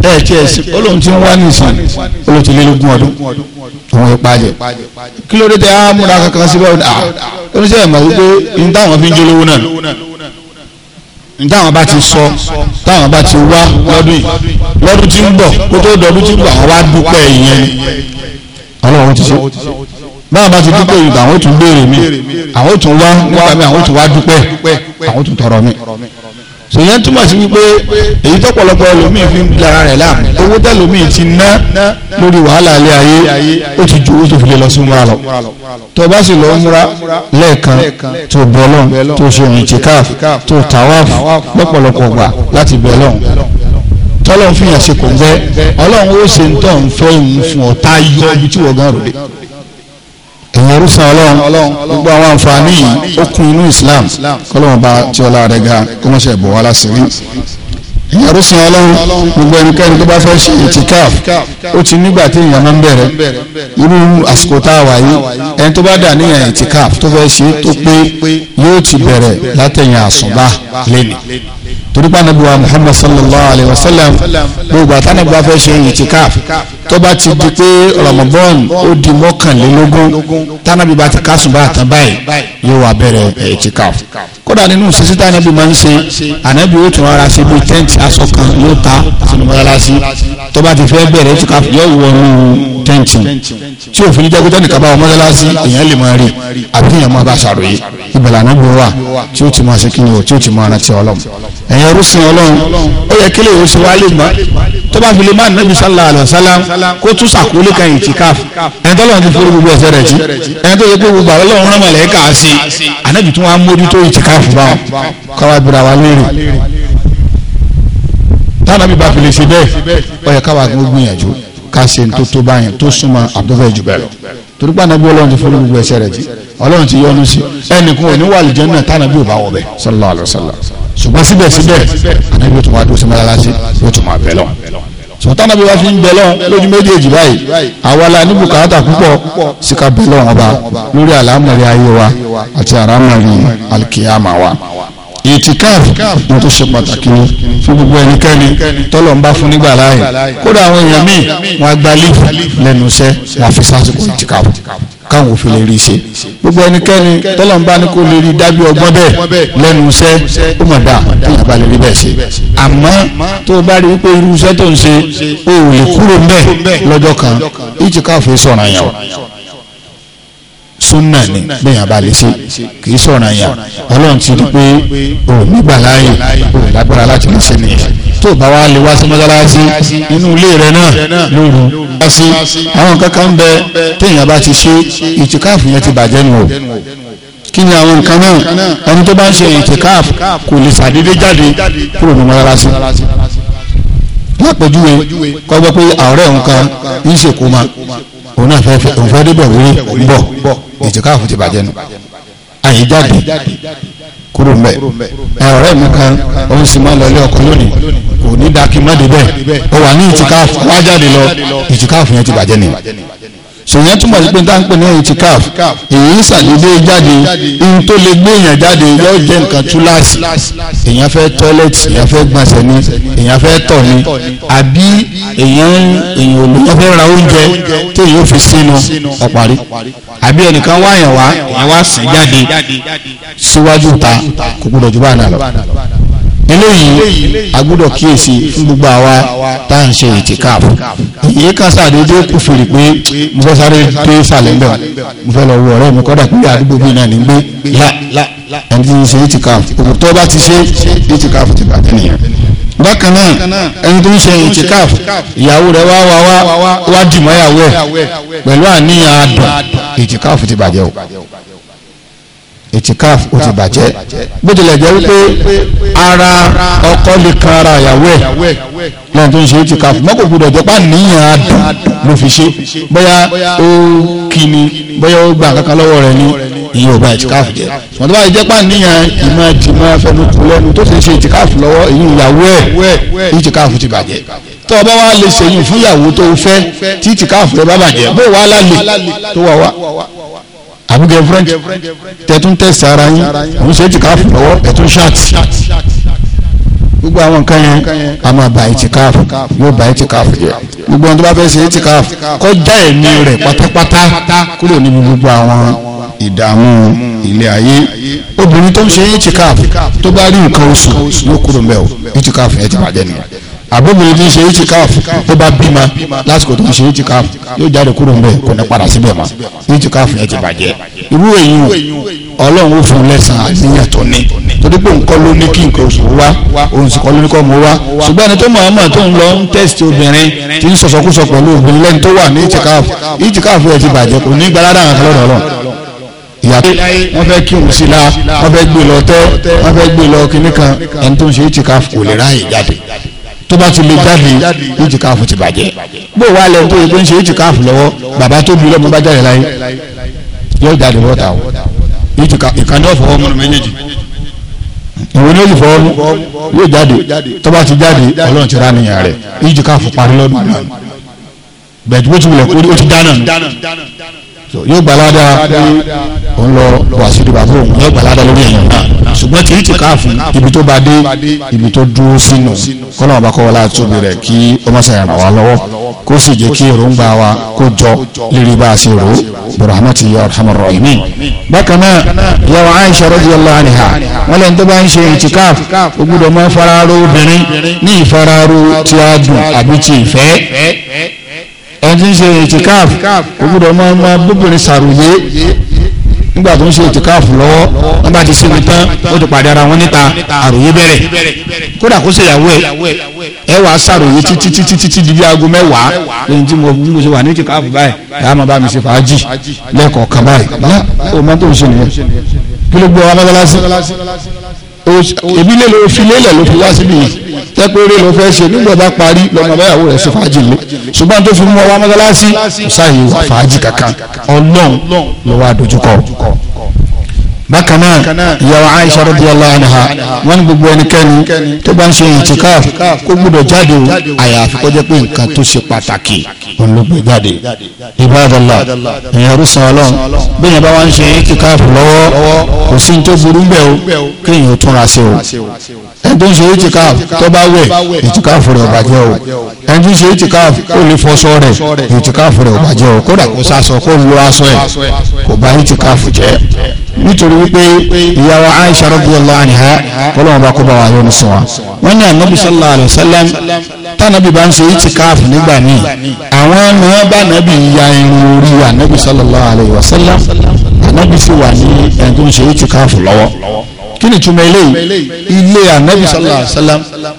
ẹ tí ẹ sí olóhùn tí ń wá nìsín olóhùn tí lélógún ọdún òun ipa jẹ kí ló dé tẹ á múra kankan síbẹ̀ ọdún à oníṣẹ́ ìmọ̀ wípé ní táwọn fi ń jólówó náà ní táwọn bá ti sọ táwọn bá ti wá lọ́dún yìí lọ́dún tí ń bọ̀ kó tó dọ̀dún tí ń bọ̀ àwọn wá dúpẹ́ ìyẹn ọlọ́run ti ṣe báwa bá ti dúpẹ́ ìgbà àwọn ò tún béèrè mi àwọn tún wá nípa mi àwọn tún wá dúpẹ́ àwọn tún tọrọ mi sèyàn túmọ̀ sí wípé èyí tọ́pọ̀lọpọ̀ ẹlòmíì fi ń bí ara rẹ̀ láàmú owó tẹ́lòmíì ti ná lórí wàhálà ilé ayé ó ti ju oṣù fìlẹ̀ lọ sí múra lọ tó bá sì lọ múra lẹ́ẹ̀kan tó bẹ̀lọ́n tó ṣe ìtìkáf tó tàwáf lọ́pọ̀lọpọ̀ gbà láti bẹ̀lọ́n tọ́lọ́n fi hàn ṣe kò ń bẹ́ ọlọ́run ó ṣe ń tọ́ ń fẹ́ ń fún ọ yọ ibi tí wọ́n gan rò dé ẹ̀yin arúsàn ọlọ́run gbogbo àwọn àǹfààní yìí ó kún inú islam kọ́lọ́wọ́n bá tí ọlá rẹ̀ ga kó mọ̀ ṣe bọ̀ wá láṣìírí ẹ̀yin arúsàn ọlọ́run gbogbo ẹnikẹ́ni tó bá fẹ́ ṣe ìtìkáf ó ti nígbà tí èèyàn máa ń bẹ̀rẹ̀ irú àsìkò tá a wà yìí ẹni tó bá dà níyàn ìtìkáf tó fẹ́ ṣe tó pé yóò ti bẹ̀rẹ̀ látẹ̀yìn àsùnbà lẹ́nu torípa nàbíwá muhammad sallallahu alayhi wa sallam gbogbo àtànàbíwá fẹ́ ṣe ìtìkáf tó bá ti di pé Ramadan ó di mọ́kànlélógún tánábì bá ti kásùn bá àtàn báyìí yóò wá bẹ̀rẹ̀ ẹ̀ẹ́tìkáf kódà nínú sísí tánábì máa ń ṣe ànábì ó tún ara ṣe bíi tẹ́ǹtì aṣọ kan yóò ta sínú mọ́ṣáláṣí tó bá ti fẹ́ bẹ̀rẹ̀ ẹ̀ẹ́tìkáf yóò wọnú tẹ́ǹtì tí òfin jẹ́ kótó nìkan bá wọn mọ́ṣáláṣí èèyàn lè máa rí àbí èèyàn máa bá ṣàròyé ìbẹ̀lẹ̀ ànábì wà tí ó ti máa ṣe kí ni o tí ó ti máa rántí ọlọ́run ẹ̀yin kó tún sàkólé kan ìtìkáf ẹni tó lọ́wọ́ ti fúru gbogbo ẹ̀sẹ̀ rẹ̀ tí ẹni tó yẹ pé gbogbo àwọn ọlọ́run rán mọ̀lẹ́ kà á sí ànábì tún wá mójútó ìtìkáf báwọn káwá bìrà wá léèrè tánàbí bá fi lè ṣe bẹ́ẹ̀ ó yẹ káwá gbìyànjú ká ṣe tó tó báyìí tó súnmọ́ Abdullahi jù bẹ́ẹ̀ lọ torí pé ànábì ọlọ́run ti fúru gbogbo ẹ̀sẹ̀ rẹ̀ tí ọlọ́run ti yọ́nú sí ẹnìkan ò ní wà lìjẹ́ náà tánàbí ò bá wọ̀ bẹ́ẹ̀ sallallahu alaihi wasallam ṣùgbọ́n síbẹ̀síbẹ̀ ànábì ó tún wá dúró sí mọ́lá lásì ó tún máa bẹ̀ lọ sọtánà bí wàá fi ń bẹ lọ́n lójú méjèèjì báyìí àwa la ní bùkátà púpọ̀ síka bẹ lọ́n ọba lórí àlámọ̀rí ayé wa àti àlámọ̀rí alikiyama wa ìtìkáf ní tó ṣe pàtàkì ni fún gbogbo ẹnikẹ́ni tọ́lọ̀ ń bá fún nígbà láàyè kódà àwọn èèyàn míì wọn agbálẹ̀ lẹ́nu iṣẹ́ wọn fi sásìkò ìtìkáf káwọn òfin lè rí i ṣe gbogbo ẹnikẹ́ni tọ́lọ́mbá ni kò lè rí i dábí ọgbọ́n bẹ́ẹ̀ lẹ́nu iṣẹ́ ó mọ̀ dáa tó yàrá lè rí bẹ́ẹ̀ ṣe àmọ́ tó o bá rí i pé irú iṣẹ́ tó ń ṣe o ò lè kúrò mbẹ́ lọ́jọ́ kan ìtìkáfù sọ̀rọ̀ àyàn sunna ni bẹ́ẹ̀ bá lè ṣe kì í sọ̀rọ̀ àyàn ọlọ́run ti rí i pé o ò nígbà láàyè o ò lágbára láti lè ṣe nìyẹn tó bá wa lè wá sí mọ́sálásí inú ilé rẹ náà lóru mọ́sálásí àwọn kankan ń bẹ téèyàn bá ti ṣe ìtìkáàfù yẹn ti bàjẹ́ nù o kí ni àwọn nǹkan náà ẹni tó bá ń ṣe ìtìkáàfù kò lè ṣàdédé jáde kúrò ní mọ́sálásí lápèjúwe kọ́ pé àárẹ̀ nǹkan ń ṣèkó ma òun náà fẹ́ fẹ́ débẹ̀ wúrí ń bọ̀ ìtìkáàfù ti bàjẹ́ nù àyè jáde kúrò mbẹ ẹ ọ̀rẹ́ mi kan òun sì máa lọlé ọkọ lónìí kò ní dákì má débẹ̀ ó wà ní ìtìkáàfù wá jáde lọ ìtìkáàfù yẹn ti bàjẹ́ ni sòyìn túmọ̀ sí pé dáńpẹ́ ní ìtìkáàfù èyí sàdédé jáde ihun tó lè gbé èèyàn jáde yóò jẹ́ nǹkan túláàsì èèyàn fẹ́ tọ́lẹ́tì èèyàn fẹ́ gbọ̀nsẹ̀ ni èèyàn fẹ́ tọ̀ ni àbí èèyàn èèyàn olùkọ́ fẹ́ ra oúnjẹ téèyàn ò fi sínú ọ̀parí àbí ẹnìkan wá yẹn wá yẹn wá sàn jáde síwájú ta kò gbúdọ̀ jù bá náà lọ. eléyìí a gbúdọ̀ kíyèsí fún gbogbo àwa tá à ń ṣe ìtìkáàf èyí kan sàdédé kò fèrè pé mo fẹ́ sáré dé sàlẹ̀ ńbẹ̀ mo fẹ́ lọ wo ọ̀rẹ́ mi kọ́dà pé àdúgbò mi náà ní gbé la ẹni tí ń ṣe ìtìkáàf òkú tó bá ti ṣe ìtìkáàf ti bàtẹ́ nìyẹn bákan náà ẹni tó ń ṣe ìtìkáf ìyàwó rẹ̀ wá wá wá wá dìmọ́ ìyàwó ẹ̀ pẹ̀lú àníyàn àdùn ìtìkáf ti bàjẹ́ o ìtìkáf ó ti bàjẹ́ bó tilẹ̀ jẹ́ wípé ara ọkọ lè kan ara ìyàwó ẹ̀ lọ́n tó ń ṣe ìtìkáf mọ́kò gbọdọ̀ jẹ́ pá níyàn àdùn ló fi ṣe bóyá ó kí ni bóyá ó gbà kankan lọ́wọ́ rẹ̀ ni ìyẹn ò bá ìtìkáàfù jẹ́ ṣùgbọ́n tó bá jẹ́ pà níyàn ìmọ̀ ìtìmọ̀ fẹnukù lẹ́nu tó ti ṣe ìtìkáàfù lọ́wọ́ èyí ìyàwó ẹ̀ ìtìkáàfù ti bàjẹ́ tó o bá wá lè ṣèyìn fún ìyàwó tó o fẹ́ tí ìtìkáàfù rẹ bá bàjẹ́ bó wàá lálẹ́ tó wà wá àbí girlfriend tẹ̀tún tẹ̀sí ara yín òun ṣe ìtìkáàfù lọ́wọ́ ẹ̀tún ṣáàtì gbogbo àwọn nǹkan yẹn a máa ba ìtìkáàfù yóò ba ìtìkáàfù jẹ́ gbogbo àwọn tó bá fẹ́ ṣe ìtìkáàfù kọjá ẹ̀mí rẹ̀ pátápátá kúrò níbi gbogbo àwọn ìdààmú ilé ayé obìnrin tó ń ṣe itikaf tó bá rí nǹkan oṣù ló kúrò mbẹ́ o itikaf ẹ ti bàjẹ́ nìyẹn àbóbìnrin tí ń ṣe itikaf tó bá bímọ lásìkò tó ń ṣe itikaf yóò jáde kúrò mbẹ́ kò ní padà síbẹ̀ mọ́ itikaf ẹ ti bàjẹ́ irú èyí ọlọ́run ó fún lẹ́sàn-án àníyàn tó ní torí pé nǹkan ló ní kí nǹkan oṣù wá òun sì ló ní kọ́ mọ́ wá ṣùgbọ́n ẹni tó mọ̀ ọ́n mọ̀ tó ń lọ ń tẹ́sítì obìnrin tí ń sọ̀sọ́kúsọ pẹ̀lú obìnrin lẹ́ni tó wà ní itikaf itikaf ẹ ti bàjẹ́ kò ní gbalára àwọn akẹ́lọ́dọ̀ ọlọ́run yàtọ̀ wọ́n fẹ́ kí òun sí la wọ́n fẹ́ gbé lọ tẹ́ wọ́n fẹ́ gbé lọ kínní kan ẹni tó ń ṣe ìtìkáfù kò lè ráàyè jáde tó bá ti lè jáde ìtìkáfù ti bàjẹ́ bó wà lẹ́nu tó yẹ kó ń ṣe ìtìkáfù lọ́wọ́ bàbá tó bí lọ́mọ bá jáde láyé yóò jáde wọ́ta o ìkànnì ọ̀fọ̀wọ́ mọ́nu méjèèjì ìwé ní olùfọ́ yóò jáde tó bá ti jáde ọlọ́run ti rá nìyàn rẹ̀ ìtìkáfù ti wulẹ̀ kó o ti yóò gbalada òun lọ bọ̀ àṣírí bàbá òun yóò gbà ládàá lórí èèyàn náà ṣùgbọ́n kì í ti káàfù ibi tó bá dé ibi tó dúró sínú kọ́nà ọba kọ́ wọlé àtúbí rẹ̀ kí ó má ṣàyàn àwa lọ́wọ́ kó sì jẹ́ kí èròǹgbà wa kó jọ lérí bá a ṣe rò ó rahmatu ya arhamar rahimin. bákan náà yàwó Aisha radiyallahu anha wọn lẹ́yìn tó bá ń ṣe ìtìkáf ó gbọ́dọ̀ mọ́ fararo obìnrin ní ìfararo tí a dùn àbí ti ìfẹ́ ẹni tí ń ṣe ìtìkáf ó gbọ́dọ̀ mọ́ ọmọ bóbìnrin ṣàròyé nígbà tó ń ṣe ìtìkáàfù lọ́wọ́ wọ́n bá ti sinmi tán ó ti pàdé ara wọn níta àròyé bẹ̀rẹ̀ kódà kó ṣe ìyàwó ẹ̀ ẹ wàá ṣàròyé títí títí títí di bí aago mẹ́wàá lóyún tí mo bí mo ṣe wà ní ìtìkáàfù báyìí ẹ̀yà máa bá mi ṣe fàájì lẹ́kọ̀ọ́ kan báyìí ọmọ tó ń ṣe nìyẹn kí ló gbé wa mọ́tálásí ìbílẹ̀ ló fi lélẹ̀ ló fi wá síbi yìí tẹ́pẹ́rẹ́ ló fẹ́ ṣe nígbà bá parí lọ́mọ báyàwó rẹ̀ ṣe fàájì lé ṣùgbọ́n tó fi mú ọwọ́ mọ́tálásí ṣáàyè wà fàájì kankan ọlọ́run ló wá bákan náà ìyàwó Aisha radiyallahu anha wọ́n ni gbogbo ẹnikẹ́ni tó bá ń ṣe ìtìkáf kó gbọ́dọ̀ jáde o àyàfi kó jẹ́ pé nǹkan tó ṣe pàtàkì òun ló gbé jáde ibadallah èèyàn rúsan ọlọ́run bẹ́ẹ̀ bá wá ń ṣe ìtìkáf lọ́wọ́ kò sí ní tó burú bẹ́ẹ̀ o kéèyàn ó túnra sí o ẹni tó ń ṣe itikaf tó bá wẹ̀ itikaf rẹ̀ ò bàjẹ́ o ẹni tó ń ṣe itikaf kó lè fọṣọ rẹ̀ itikaf rẹ̀ ò bàjẹ́ o kódà kó sasọ kó lo aṣọ ẹ̀ kò bá itikaf jẹ́ nítorí wípé ìyàwó Aisha radiyallahu anha kọ́lọ́mọba kó bá wà lónìí sọ wa wọ́n ní anabi sallallahu alayhi wa sallam tánàbí bá ń ṣe itikaf nígbà míì àwọn ni wọ́n bá nàbí ya irun orí anabi sallallahu alayhi wa sallam anabi sì wà ní ẹni tó ń ṣe itikaf lọ́wọ́ kí ni túmọ̀ eléyìí ilé anabi sallallahu alayhi wa sallam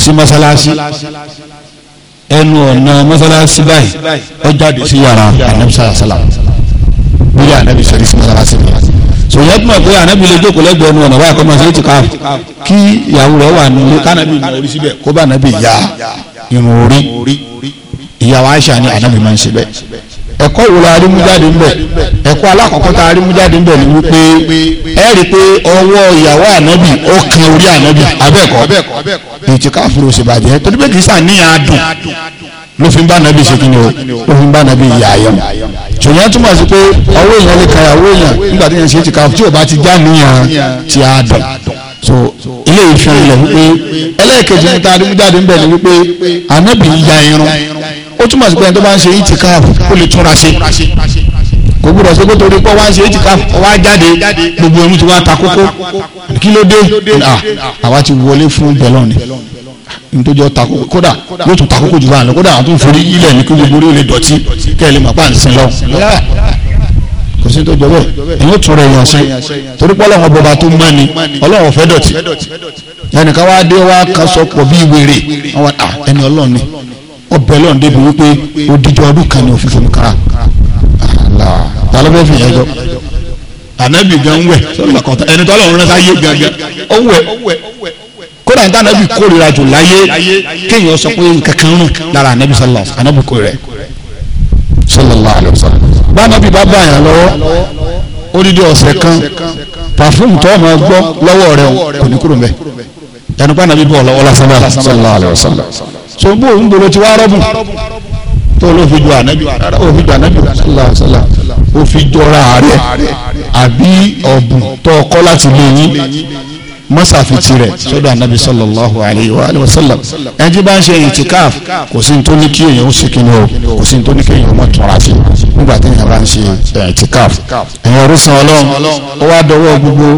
sí masalasi ẹnu ọ̀nà masalasi báyìí ọjà dé sí yàrá anabi sallallahu alayhi wa sallam bóyá anabi sọ̀rọ̀ sí masalasi báyìí sòyẹ́ tó mọ̀ pé anabi lè jókòó lẹ́gbẹ̀ẹ́ ẹnu ọ̀nà báyìí kọ́ máa ṣe é ti káàbù kí ìyàwó rẹ̀ wà nínú kánabi ìmọ̀ orí síbẹ̀ kó bá anabi yá irun ìyàwó Aisha ni anabi máa ń ṣe bẹ́ẹ̀. ẹ̀kọ́ wo la rí mú jáde ńbẹ̀ ẹ̀kọ́ alákọ̀ọ́kọ́ tá jáde ni wípé ẹ rí i pé ọwọ ìyàwó ànábì ó kan orí ànábì abẹ́ẹ̀kọ́ ìtìkáfù ló ṣe torí pé kì í o ló fi ń bá ànábì yà túmọ̀ sí pé ọwọ́ èèyàn lè ìyàwó èèyàn nígbà tí ṣe tí ò bá ti já so ilé ilẹ̀ wípé ẹlẹ́ẹ̀kejì ní ta ni wípé ya irun ó túmọ̀ sí pé ẹni tó bá ń ṣe itikaf ó lè túnra ṣe kò gbúdọ̀ ṣe kó torí pé wá ń ṣe itikaf wá jáde gbogbo ẹ̀mú ti wá ta kókó kí ló dé àwa ti wọlé fún bẹ́lọ̀ ni ntójọ tako kódà yóò tún tako kojú báyìí kódà àwọn tó ń forí ilẹ̀ ní kí gbogbo orí ó lè dọ̀tí kẹ́lẹ́ màpá ń sin lọ kò sí tó jọ bẹ́ẹ̀ èyí ó tún rẹ̀ yàn sí torí pé ọlọ́run bọba tó mọ́ ni ọlọ́run fẹ́ dọ̀tí ẹnìkan wá dé wá kan pọ̀ bí wèrè ẹni ọlọ́run ni ọbẹ̀ lọ́n débi wípé odidi ọdún kan ní òfin fún kára tàló bẹ́ẹ̀ fi yẹn jọ ànábì gan wẹ̀ ẹni tó lọ́run rẹ́sà yé gangan ó wẹ̀ kódà níta ànábì kórìíra jù láyé kéèyàn sọ pé nǹkan kan rùn lára ànábì sọlá ànábì kò rẹ̀ sọlá àlọ́ sọlá bá ànábì bá bá yàn lọ́wọ́ odidi ọ̀sẹ̀ kan pàfúùmù tó máa gbọ́ lọ́wọ́ rẹ̀ kò ní kúrò mẹ́ yànnú bá ànábì bọ̀ lọ́wọ́ lásán bá sọlá àlọ́ sọlá so n bò ń bolo ti wá rọ́bù tó ló fi jọ ànábì rárá ó fi jọ ànábì sallallahu alaihi wasallam ó fi jọra rẹ̀ àbí ọ̀bùn tó kọ́ láti lè yín mọ́sàfìtì rẹ̀ sọ́dọ̀ ànábì sallallahu alaihi wa sallam ẹni tí bá ń ṣe ìtìkáf kò sí tó ní kí èèyàn ó ṣe kíni o kò sí tó kí èèyàn ó mọ̀ tọ́ra sí nígbà tí èèyàn bá ń ṣe ìtìkáf. ẹ̀yin orísun ọlọ́run ó wá dọwọ́ gbogbo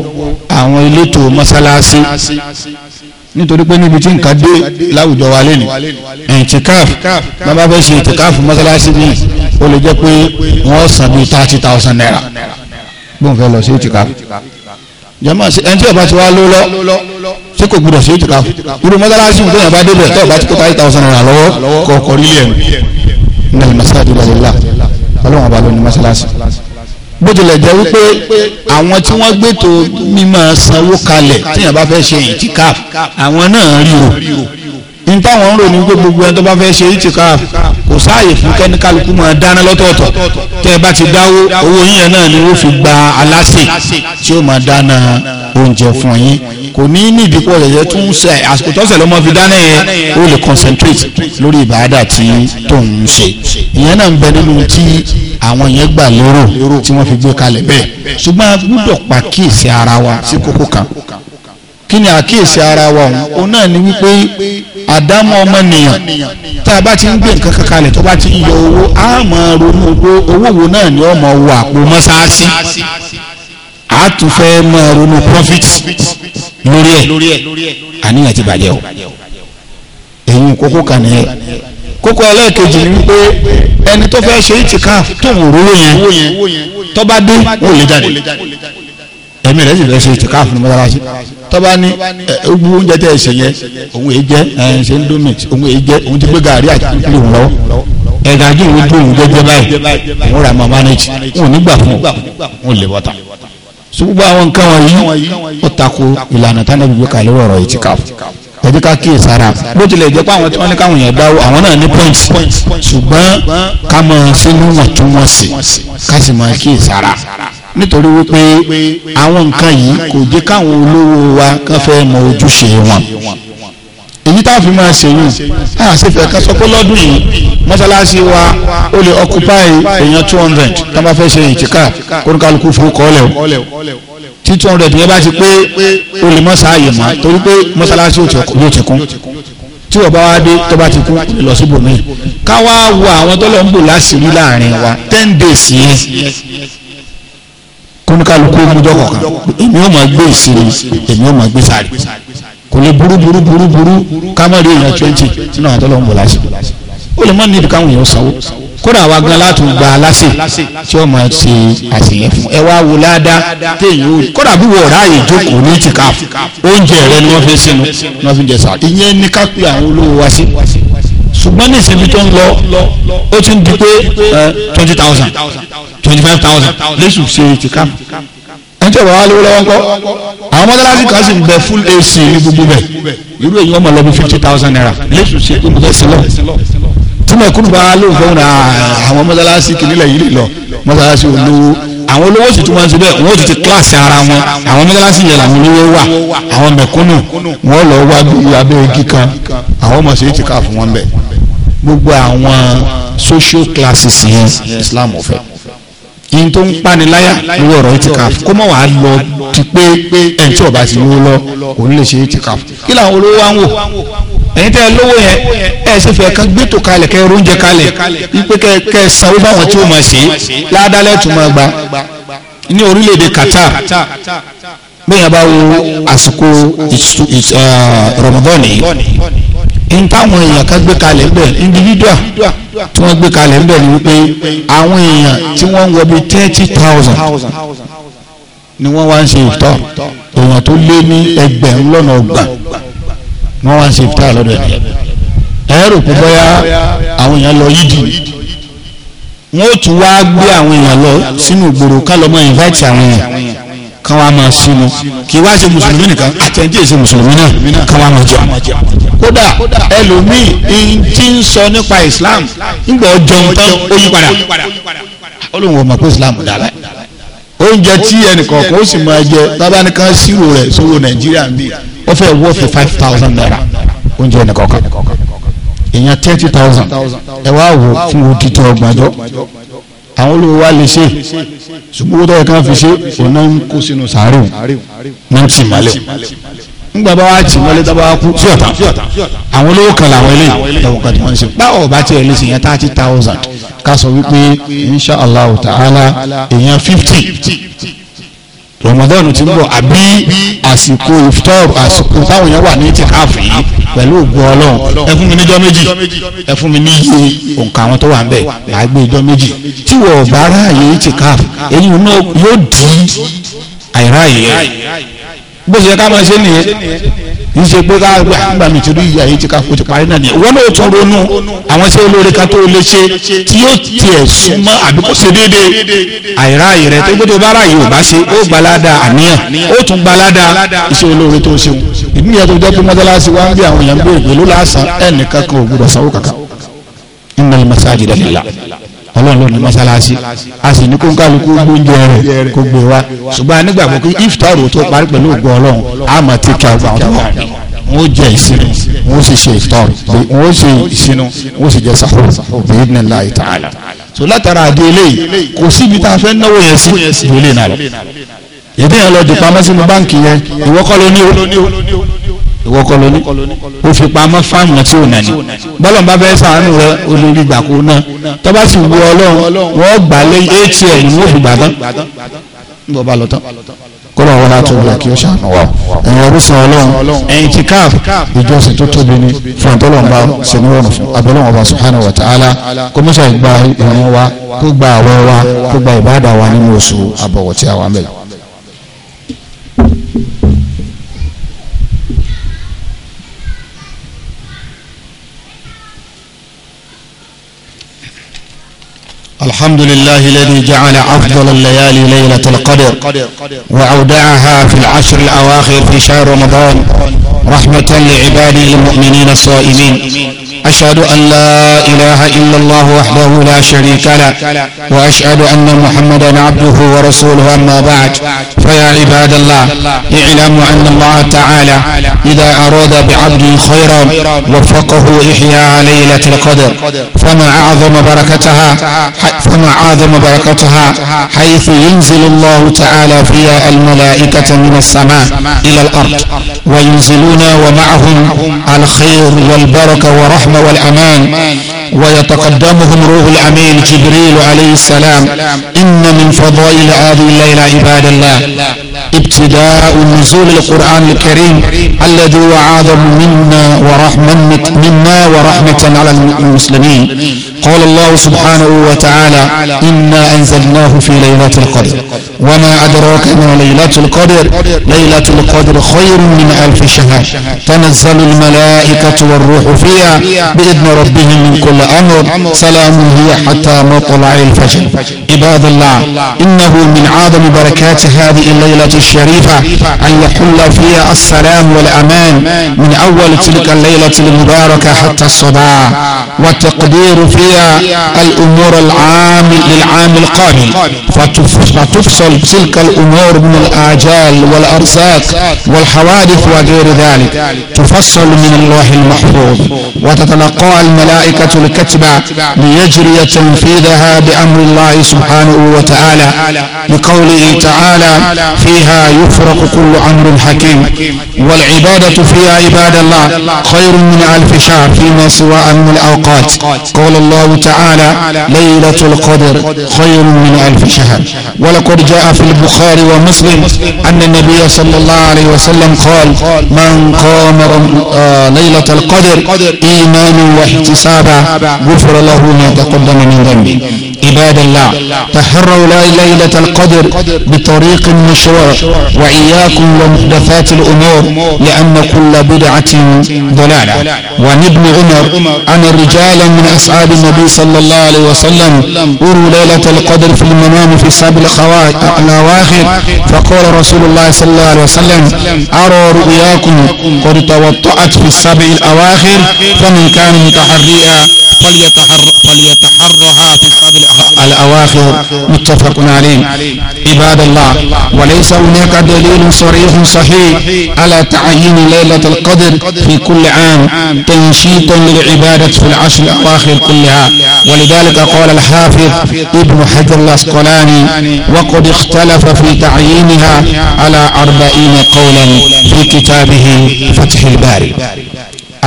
àwọn elétò mọ́sálásí nítorí pé níbi tí nǹkan dé láwùjọ wa lé ní ẹ̀ǹtìkáf bàbá fẹ́ ṣe ẹ̀ǹtìkáf mọ́sálásí mi ó lè jẹ́ pé wọ́n san bíi thirty thousand naira bóun fẹ́ lọ sí ẹ̀ǹtìkáf jama ẹni tí ọba ti wá ló lọ ṣé kò gbúdọ̀ sí ẹ̀ǹtìkáf irú mọ́sálásí mi tó yàn bá débẹ̀ tó ọba ti kó thirty thousand naira lọ́wọ́ kọ̀ọ̀kọ̀ rí lẹ́nu ní alimasadi lalila bó tilẹ̀ jẹ́ wípé àwọn tí wọ́n gbẹ́tò mímọ́ sanwó kalẹ̀ tíyẹn bá fẹ́ ṣe ìtìkáf àwọn náà rí o n táwọn ń rò ní gbogbo ẹni tó bá fẹ́ ṣe ìtìkáf kò sáàyè fún kẹ́níkàlùkù máa dáná lọ́tọ̀ọ̀tọ̀ tẹ́ ẹ bá ti dáwó owó yíyan náà ni wọ́n fi gba aláṣẹ tí ó máa dáná oúnjẹ fún yín kò ní ní ìdíkọ̀ ẹ̀yẹ tún ṣe àsìkò tọ́sẹ̀ lọ́mọ fi dáná yẹn ó lè concentrate lórí ìbáradà tí tó ń ṣe ìyẹn náà ń bẹ nínú tí àwọn yẹn gbà lérò tí wọ́n fi gbé kalẹ̀ bẹ́ẹ̀ ṣùgbọ́n a pa kíyèsí ara wa sí kókó kan kí ni àkíyèsí ara wa òun òun náà ni wípé àdámọ́ ọmọnìyàn tá a bá ti ń gbé nǹkan kan kalẹ̀ tó bá ti ń yọ owó á máa ronú pé owó wo náà ni ọmọ wọ àpò mọ́sáàsì á tún fẹ́ máa ronú profit lórí ẹ̀ àníyàn ti bàjẹ́ o èyí kókó kan nìyẹn kókó ẹlẹ́ẹ̀kejì ni wípé ẹni tó fẹ́ ṣe itikaf tó wò rówó yẹn tó bá dé wò lè jáde ẹ̀mí rẹ̀ sì fẹ́ ṣe itikaf ní mọ́tàlásí tó bá ní gbogbo oúnjẹ tẹ́ ẹ ṣe yẹn òun èé jẹ́ ẹ̀ ṣe ń dómìt òun èé jẹ́ òun ti gbé gàrí àti kúkúrú òun lọ́wọ́ ẹ̀ka kí òun tó òun jẹ́jẹ́ báyìí òun rà máa manage òun nígbà fún òun lè wọ́ta ṣùgbọ́n àwọn nǹkan wọ̀nyí ó tako ìlànà tánàbí gbé kalẹ̀ ọ̀rọ̀ itikaf ẹ jẹ́ ká kíyè sára bó tilẹ̀ jẹ́ pé àwọn tí wọ́n ní káwọn yẹn dáwọ́ àwọn náà ní point ṣùgbọ́n ká máa ṣe níwọ̀ntúnwọ̀nsì ká sì máa kíyè sára nítorí wípé àwọn nǹkan yìí kò jẹ́ káwọn olówó wa kán fẹ́ mọ ojúṣe wọn èyí tá a fi máa ṣèyí a ṣe fẹ́ ká sọ pé lọ́dún yìí mọ́ṣáláṣí wa ó lè occupy èèyàn two hundred tá a bá fẹ́ ṣe ìtìká kóníkàlùkù fún kọ́ọ̀lẹ̀ tí two hundred bá ti pé o lè mọ sáàyè torí pé mọ́sálásí yóò ti kún tí wọ́n bá wá dé tó bá ti kún lọ síbò mí ká wá wo àwọn tó lọ ń bò láṣìírí láàrin wa ten days yẹn kóníkàlùkù ọmọdé kọ̀ọ̀kan èmi ò máa gbé ìsinmi èmi ò máa gbé sáré kò lè burú burú burú burú ká má èèyàn twenty nínú àwọn tó lọ ń bò láṣìírí ó lè má nídìí káwọn èèyàn sanwó kódà wa gan láti gba aláṣẹ tí ó máa ṣe àṣìlẹ fún ẹ wá wo ládàá téèyàn ó kódà bí wọ́n ráàyè jókòó ní tìka oúnjẹ rẹ ni wọ́n fi sínú wọ́n fi jẹ sá ìyẹn ní ká pé àwọn olówó wá sí ṣùgbọ́n ní ìsinmi tó ń lọ ó ti ń di pé twenty thousand twenty five thousand lẹ́sùn ṣe ìtìká ẹni tí ọ̀rọ̀ wa lówó lọ́wọ́ ń àwọn mọ́tàlásì kan sì ń bẹ full AC ní gbogbo bẹ̀ irú èyí wọ́n mọ̀ bí fifty thousand naira lẹ́sùn ṣe ìmúlẹ̀sìn tí mẹ̀kúnnù bá lóun fẹ́ wọn àwọn mọ́sálásí kìnìlẹ̀ yìí lè lọ mọ́sálásí olówó àwọn olówó sì tún máa ń ṣe bẹ́ẹ̀ wọ́n sì ti kíláàsì ara wọn àwọn mọ́sálásí yẹn làwọn olówó wà àwọn mẹ̀kúnnù wọ́n lọ wá bí abẹ́ igi kan àwọn ọmọ sì ti ká fún wọn bẹ́ẹ̀ gbogbo àwọn social classes yẹn Islam ọ̀fẹ́ yìí tó ń paniláyà lórí ọ̀rọ̀ itikaf kó mọ̀ wàá lọ ti pé ẹ̀ńtí ọ̀bá ti lówó lọ òun lè ṣe itikaf kí làwọn olówó wá ń wò ẹ̀yin tẹ́ lówó yẹn ẹ̀ sì fẹ́ kán gbé tó kalẹ̀ kẹ́ oúnjẹ kalẹ̀ wípé kẹ́ kẹ́ sanwó báwọn tí ó mọ̀ sí ládàlẹ́ tó máa gba ní orílẹ̀-èdè Qatar bẹ́ẹ̀ yẹn bá wo àsìkò Ramadan yìí n táwọn èèyàn kan gbé kalẹ̀ ń bẹ̀ individual tí wọ́n gbé kalẹ̀ ń bẹ̀ ni wípé àwọn èèyàn tí wọ́n ń wọ thirty thousand ni wọ́n wá ń ṣe ìtọ́ èèyàn tó lé ní ẹgbẹ̀rún lọ́nà ọgbà wọ́n wá ń ṣe ìfitá lọ́dọ̀ ẹ̀ ẹ̀rù kò bọ́yá àwọn èèyàn lọ yídì wọ́n ó tún wá gbé àwọn èèyàn lọ sínú ìgboro ká lọ́mọ invite àwọn èèyàn kan wá máa sínú kì í wá ṣe mùsùlùmí nìkan àtẹ̀ǹdí èsì mùsùlùmí náà kan wá máa jẹun kódà ẹlòmíì ti ń sọ nípa Islam nígbà ọjọ́ tán ó yí padà ó lóun wọ̀ mọ̀ pé Islam dára oúnjẹ tí ẹnìkọ̀ọ̀kan ó sì máa jẹ bábá sírò rẹ̀ sówó Nàìjíríà ń bì ó fẹ́ wọ́ fi five thousand naira oúnjẹ nìkọ̀ọ̀kan èèyàn thirty thousand ẹ wá wò fún odidi ọgbàjọ́ àwọn olówó wa lè ṣe ṣùgbọ́n tó yẹ kí wọ́n fi ṣe òun náà ń kó sínú sàárè náà tì mọ́lẹ̀ ńgbà bá wa tì mọ́lẹ̀ tó wa kú sí àwọn olówó kan làwọn eléyìí lọ́wọ́ kan tí wọ́n ń ṣe báwo bá tiẹ̀ lè ṣe yẹn thirty thousand ká sọ wípé insha allah ta'ala èèyàn fifty Ramadan ti ń bọ̀ àbí àsìkò iftar àsìkò táwọn èèyàn wà ní ti káfí pẹ̀lú ògùn ọlọ́run ẹ fún mi níjọ́ méjì ẹ fún mi ní iye òǹkà àwọn tó wà ń bẹ̀ máa gbé ijọ́ méjì tí wọ́n bá ráàyè ti èyí yóò dín àìráàyè bó ṣe ká máa ṣe nìyẹn kì í ṣe pé ká gbà mí torí ìyá yìí ti ká o ti parí náà nìyẹn wọn náà tún ronú àwọn iṣẹ́ olóore kan tó o lè ṣe tí yóò tiẹ̀ súnmọ́ àbí kò ṣe déédéé àìráàyè rẹ tó gbọ́dọ̀ bára yìí ò bá ṣe ó gbalada àníyàn ó tún gbalada iṣẹ́ olóore tó ṣeun ìdí ìyá tó jẹ́ pé mọ́tálásí wa ń bí àwọn èèyàn ń bèrè pẹ̀lú lásán ẹnìkan kan ò sanwó kankan innal masajida lillah ọlọ́run ló ní mọ́sálásí a sì ní kó ń kálukú gbóúnjẹ rẹ̀ kó gbé wa ṣùgbọ́n a nígbàgbọ́ pé iftaru tó parí pẹ̀lú ògùn ọlọ́run a mọ̀ tí kí a gbà wọ́n wà ní wọ́n jẹ ìsinmi wọ́n sì ṣe iftaru wọ́n ṣe ìsinú wọ́n sì jẹ sahur bi idhnillahi ta'ala so látara àdé eléyìí kò síbi tá a fẹ́ náwó yẹn sí ìwé lè lọ ìdí yẹn lọ dìpamọ́ sínú báǹkì yẹn ìwọ́kọ́ lóní o ìwọ kọ́ lóní o fi pamọ́ fáwọn tí o nà ní bọ́lọ̀ bá bẹ́ẹ̀ sàánú rẹ olórí gbà kó náà tọ́ba sì wú ọlọ́run wọ́n gbà lé atm ní òfin gbà tán ń bọ̀ bá lọ tán kọ́lọ̀ wọlé àtọ́gbọ̀lá kí ó ṣàánú wa ẹ̀yin orísun ọlọ́run ẹ̀yin ti káàf ìjọsìn tó tóbi ní fúntọ́lọ́mba sẹ́niwọ̀n fún abẹ́lẹ́wọ̀nba subhanahu wa ta'ala kọ́mọ́sà gba ìrìn wa kó gba àwẹ̀ wa kó gba ìbáàdà wa nínú oṣù àbọ̀wọ̀ tí a الحمد لله الذي جعل أفضل الليالي ليلة القدر وأودعها في العشر الأواخر في شهر رمضان رحمة لعباده المؤمنين الصائمين أشهد أن لا إله إلا الله وحده لا شريك له وأشهد أن محمدا عبده ورسوله أما بعد فيا عباد الله اعلموا أن الله تعالى إذا أراد بعبد خيرا وفقه إحياء ليلة القدر فما أعظم بركتها فما أعظم بركتها حيث ينزل الله تعالى فيها الملائكة من السماء إلى الأرض وينزلون ومعهم الخير والبركة ورحمة الرحمة والأمان ويتقدمهم روح الأمين جبريل عليه السلام إن من فضائل هذه الليلة عباد الله ابتداء نزول القرآن الكريم الذي هو منا ورحمة منا ورحمة على المسلمين قال الله سبحانه وتعالى إنا أنزلناه في ليلة القدر وما أدراك ما ليلة القدر ليلة القدر خير من ألف شهر تنزل الملائكة والروح فيها بإذن ربهم من كل أمر سلام هي حتى مطلع الفجر عباد الله إنه من عظم بركات هذه الليلة الشريفة أن يحل فيها السلام والأمان من أول تلك الليلة المباركة حتى الصباح وتقدير فيها الأمور العام للعام القادم تلك الأمور من الآجال والأرزاق والحوادث وغير ذلك تفصل من الله المحفوظ وتتلقى الملائكة الكتبة ليجري تنفيذها بأمر الله سبحانه وتعالى لقوله تعالى فيها يفرق كل أمر حكيم والعبادة فيها عباد الله خير من ألف شهر فيما سواء من الأوقات قال الله تعالى ليلة القدر خير من ألف شهر شهر ولقد جاء في البخاري ومسلم أن النبي صلى الله عليه وسلم قال من قام آه، ليلة القدر إيمانا واحتسابا غفر له ما تقدم من ذنبه عباد الله تحروا ليلة القدر بطريق مشروع وإياكم ومحدثات الأمور لأن كل بدعة ضلالة وعن ابن عمر أن رجالا من أصحاب النبي صلى الله عليه وسلم أروا ليلة القدر في المنام في سبيل الأواخر فقال رسول الله صلى الله عليه وسلم أرى رؤياكم قد توطأت في السبع الأواخر فمن كان متحريا فليتحر فليتحرها في السبع الأواخر متفق عليه عباد الله وليس هناك دليل صريح صحيح على تعيين ليلة القدر في كل عام تنشيطا للعبادة في العشر الأواخر كلها ولذلك قال الحافظ ابن حجر الأسقلاني الثاني وقد اختلف في تعيينها على أربعين قولا في كتابه فتح الباري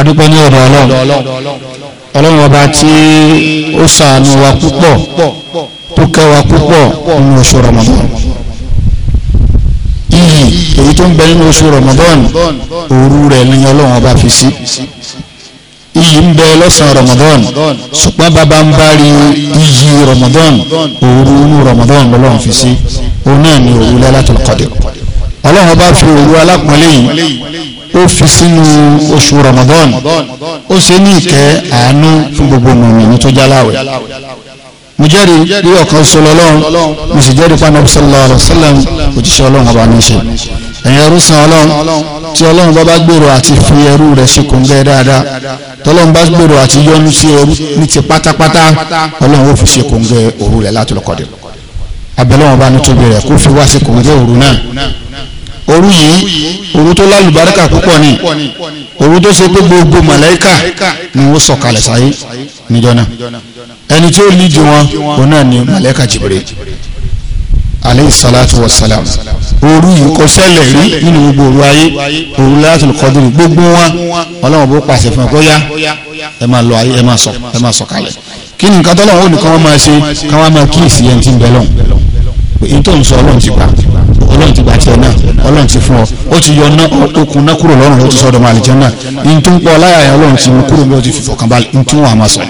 adúpẹ́ ní ọ̀dọ̀ ọlọ́run ọlọ́run ọba tí ó ṣàánú wa púpọ̀ tó kẹ́ wa púpọ̀ nínú oṣù ramadan iyì èyí tó ń bẹ nínú oṣù ramadan òru rẹ̀ ní ọlọ́run ọba fi sí iyì ń bẹ lọ́sàn-án Ramadan ṣùgbọ́n bàbá ń bá rí iyì Ramadan òru inú Ramadan lọ́lọ́run fi sí òun náà ni òru Lailatul Qadr ọlọ́run bá fi òru alápọ̀nlé yìí ó fi sínú oṣù Ramadan ó ṣe ní ìkẹ́ àánú fún gbogbo mọ̀mọ́ tó jáláwẹ̀ mo jẹ́rìí bí ọ̀kan sọlọ ọlọ́run mo sì jẹ́rìí pàánù sallallahu alaihi òjíṣẹ́ ọlọ́run ọba ní í ṣe ẹ̀yin ẹrú san ọlọ́run tí ọlọ́run bá bá gbèrò àti fi ẹrú rẹ̀ ṣe kòńgẹ́ dáadáa tọ́lọ́run bá gbèrò àti yọ́nú sí ẹrú ní ti pátápátá ọlọ́run ó fi ṣe kòńgẹ́ òru rẹ̀ láti lọ́kọ̀dẹ̀ abẹ́lẹ́wọ̀n bá nítorí rẹ̀ kó fi wá sí kòńgẹ́ òru náà òru yìí òru tó lálùbáríkà púpọ̀ ni òru tó ṣe pé gbogbo màláíkà ni wọ́n sọ̀kalẹ̀ sáyé níjọ́ náà ẹni tí ó lídìí wọn òun náà ni màláíkà Jibril aleyhi salatu wa salam òru yìí kò ṣẹlẹ̀ rí nínú gbogbo òru ayé òru láti kọdúrì gbogbo wọn ọlọ́run bó pàṣẹ fún ẹ bóyá ẹ máa lọ ayé ẹ máa sọ ẹ máa sọ kalẹ̀ kí ni nǹkan tọ́lọ́run ó nìkan wọn máa ṣe kí wọ́n máa kíyèsí ẹni tí ń bẹ lọ́hùn èyí tó ń sọ ọlọ́run ti gbà ọlọ́run ti gbà tiẹ̀ náà ọlọ́run ti fún ọ ó ti yọ ná okun ná kúrò lọ́rùn ó ti sọ ọdọ̀ máa lè jẹun náà ní tó ń pọ̀ láyà yẹn ọlọ́run ti mú kúrò bí ó ti fi fọkàn balẹ̀ ní tí wọ́n á máa sọ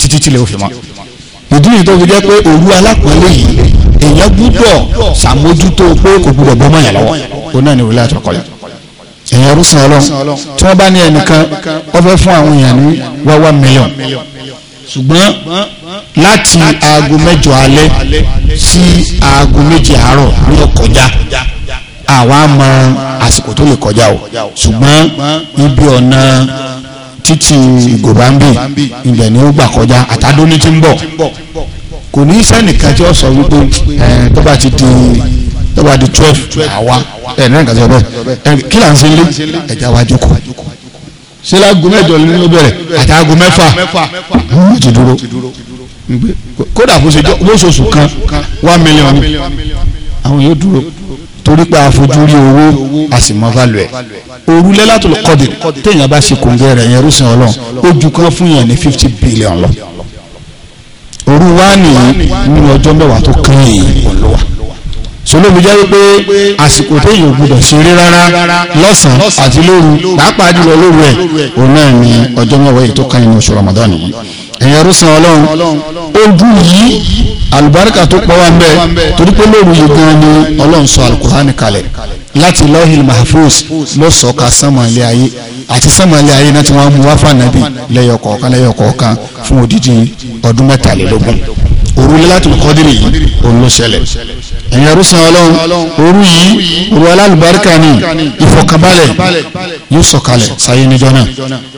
títí tílẹ̀ ó fi mọ́ ìdí tó fi jẹ́ pé òru alápọ̀lẹ́ yìí èèyàn gbúdọ̀ sàmójútó pé kò gbúdọ̀ bọ́ mọ̀yàn lọ́wọ́ ó náà ní wíwá àtọkọ yìí èèyàn rúṣin ọlọ́run tí wọ́n bá ní ẹnìkan wọ́n fẹ́ fún àwọn èèyàn ní wá wá mílíọ̀n ṣùgbọ́n láti aago mẹ́jọ alẹ́ sí aago méje àárọ̀ ní ọkọjá àwa mọ àsìkò tó lè kọjá o ṣùgbọ́n ibi ọ̀nà títí ìgòbámbì ibẹ̀ ni ó gbà kọjá àtàdóní ti ń bọ̀ kò ní sẹ́nìkan tí ó sọ wípé ẹ̀ tó bá ti di tó bá di twelve àwa ẹ̀ náà nǹkan sọ bẹ́ẹ̀ kí là ń ṣe lé ẹ̀já wa jókòó ṣé láago mẹ́jọ ni ó bẹ̀rẹ̀ àti aago mẹ́fà ó ti dúró kódà bó ṣe jọ lóṣooṣù kan one million àwọn yóò dúró torí pé àfojúrí owó àsìmọ́ value ẹ̀ òrùlé látòlù kọ́dì téèyàn bá ṣe kòǹgẹ́ rẹ̀ yẹn rúṣin ọlọ́run ó ju kan fún yẹn ní fifty billion lọ òru wa nìyí nínú ọjọ́ mẹ́wàá tó kẹ́yìn ọlọ́wà solóbi jẹ́ wípé àsìkò téèyàn gbọdọ̀ ṣeré rárá lọ́sàn-án àti lóru pàápàá jùlọ lóru ẹ̀ òun náà ni ọjọ́ mẹ́wàá yìí tó kàn nínú oṣù Ramadan yìí ẹ̀yin arúsàn ọlọ́run ojú yìí àlùbáríkà tó pọ̀ wá ń bẹ torí pé lóru yìí gan ni ọlọ́run sọ Al-Qur'ani kalẹ̀ láti lọ́hìn mahfuz ló sọ̀ka sánmọ̀lẹ́ ayé àti sánmọ̀lẹ́ ayé náà tí wọ́n mú wá fànàbí lẹ́yọ kọ̀ọ̀kan lẹ́yọ kọ̀ọ̀kan fún odidi ọdún mẹ́tàlélógún òru Lailatul Qadr yìí òun ló ṣẹlẹ̀ ẹ̀yin arúsàn ọlọ́run òru yìí òru alálùbáríkà ni ìfọ̀kànbalẹ̀ yóò sọ̀kalẹ̀ sáyé níjọ́ náà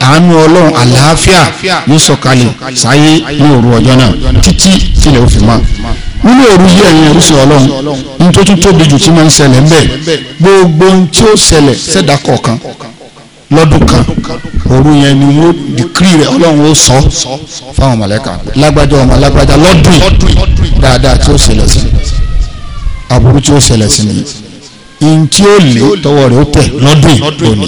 àánú ọlọ́run àlàáfíà yóò sọ̀kalẹ̀ sáyé ní òru ọjọ́ náà títí tilẹ̀ òfin máa nínú òru yí ẹ̀yin ẹ̀rú sí ọlọ́run ní tó tún tóbi jù tí máa ń ṣẹlẹ̀ ńbẹ̀ gbogbo ohun tí ó ṣẹlẹ̀ ṣẹ̀dá kọ̀ọ̀kan lọ́dún kan òru yẹn ni wọ́n dìkírì rẹ̀ ọlọ́run ó sọ fáwọn mọ̀lẹ́kà lágbájá ọmọ lágbájá lọ́dún dáadáa tí ó ṣẹlẹ̀ sí aburú tí ó ṣẹlẹ̀ sí ni ihun tí ó lè tọwọ́ rẹ̀ ó tẹ̀ lọ́dún òní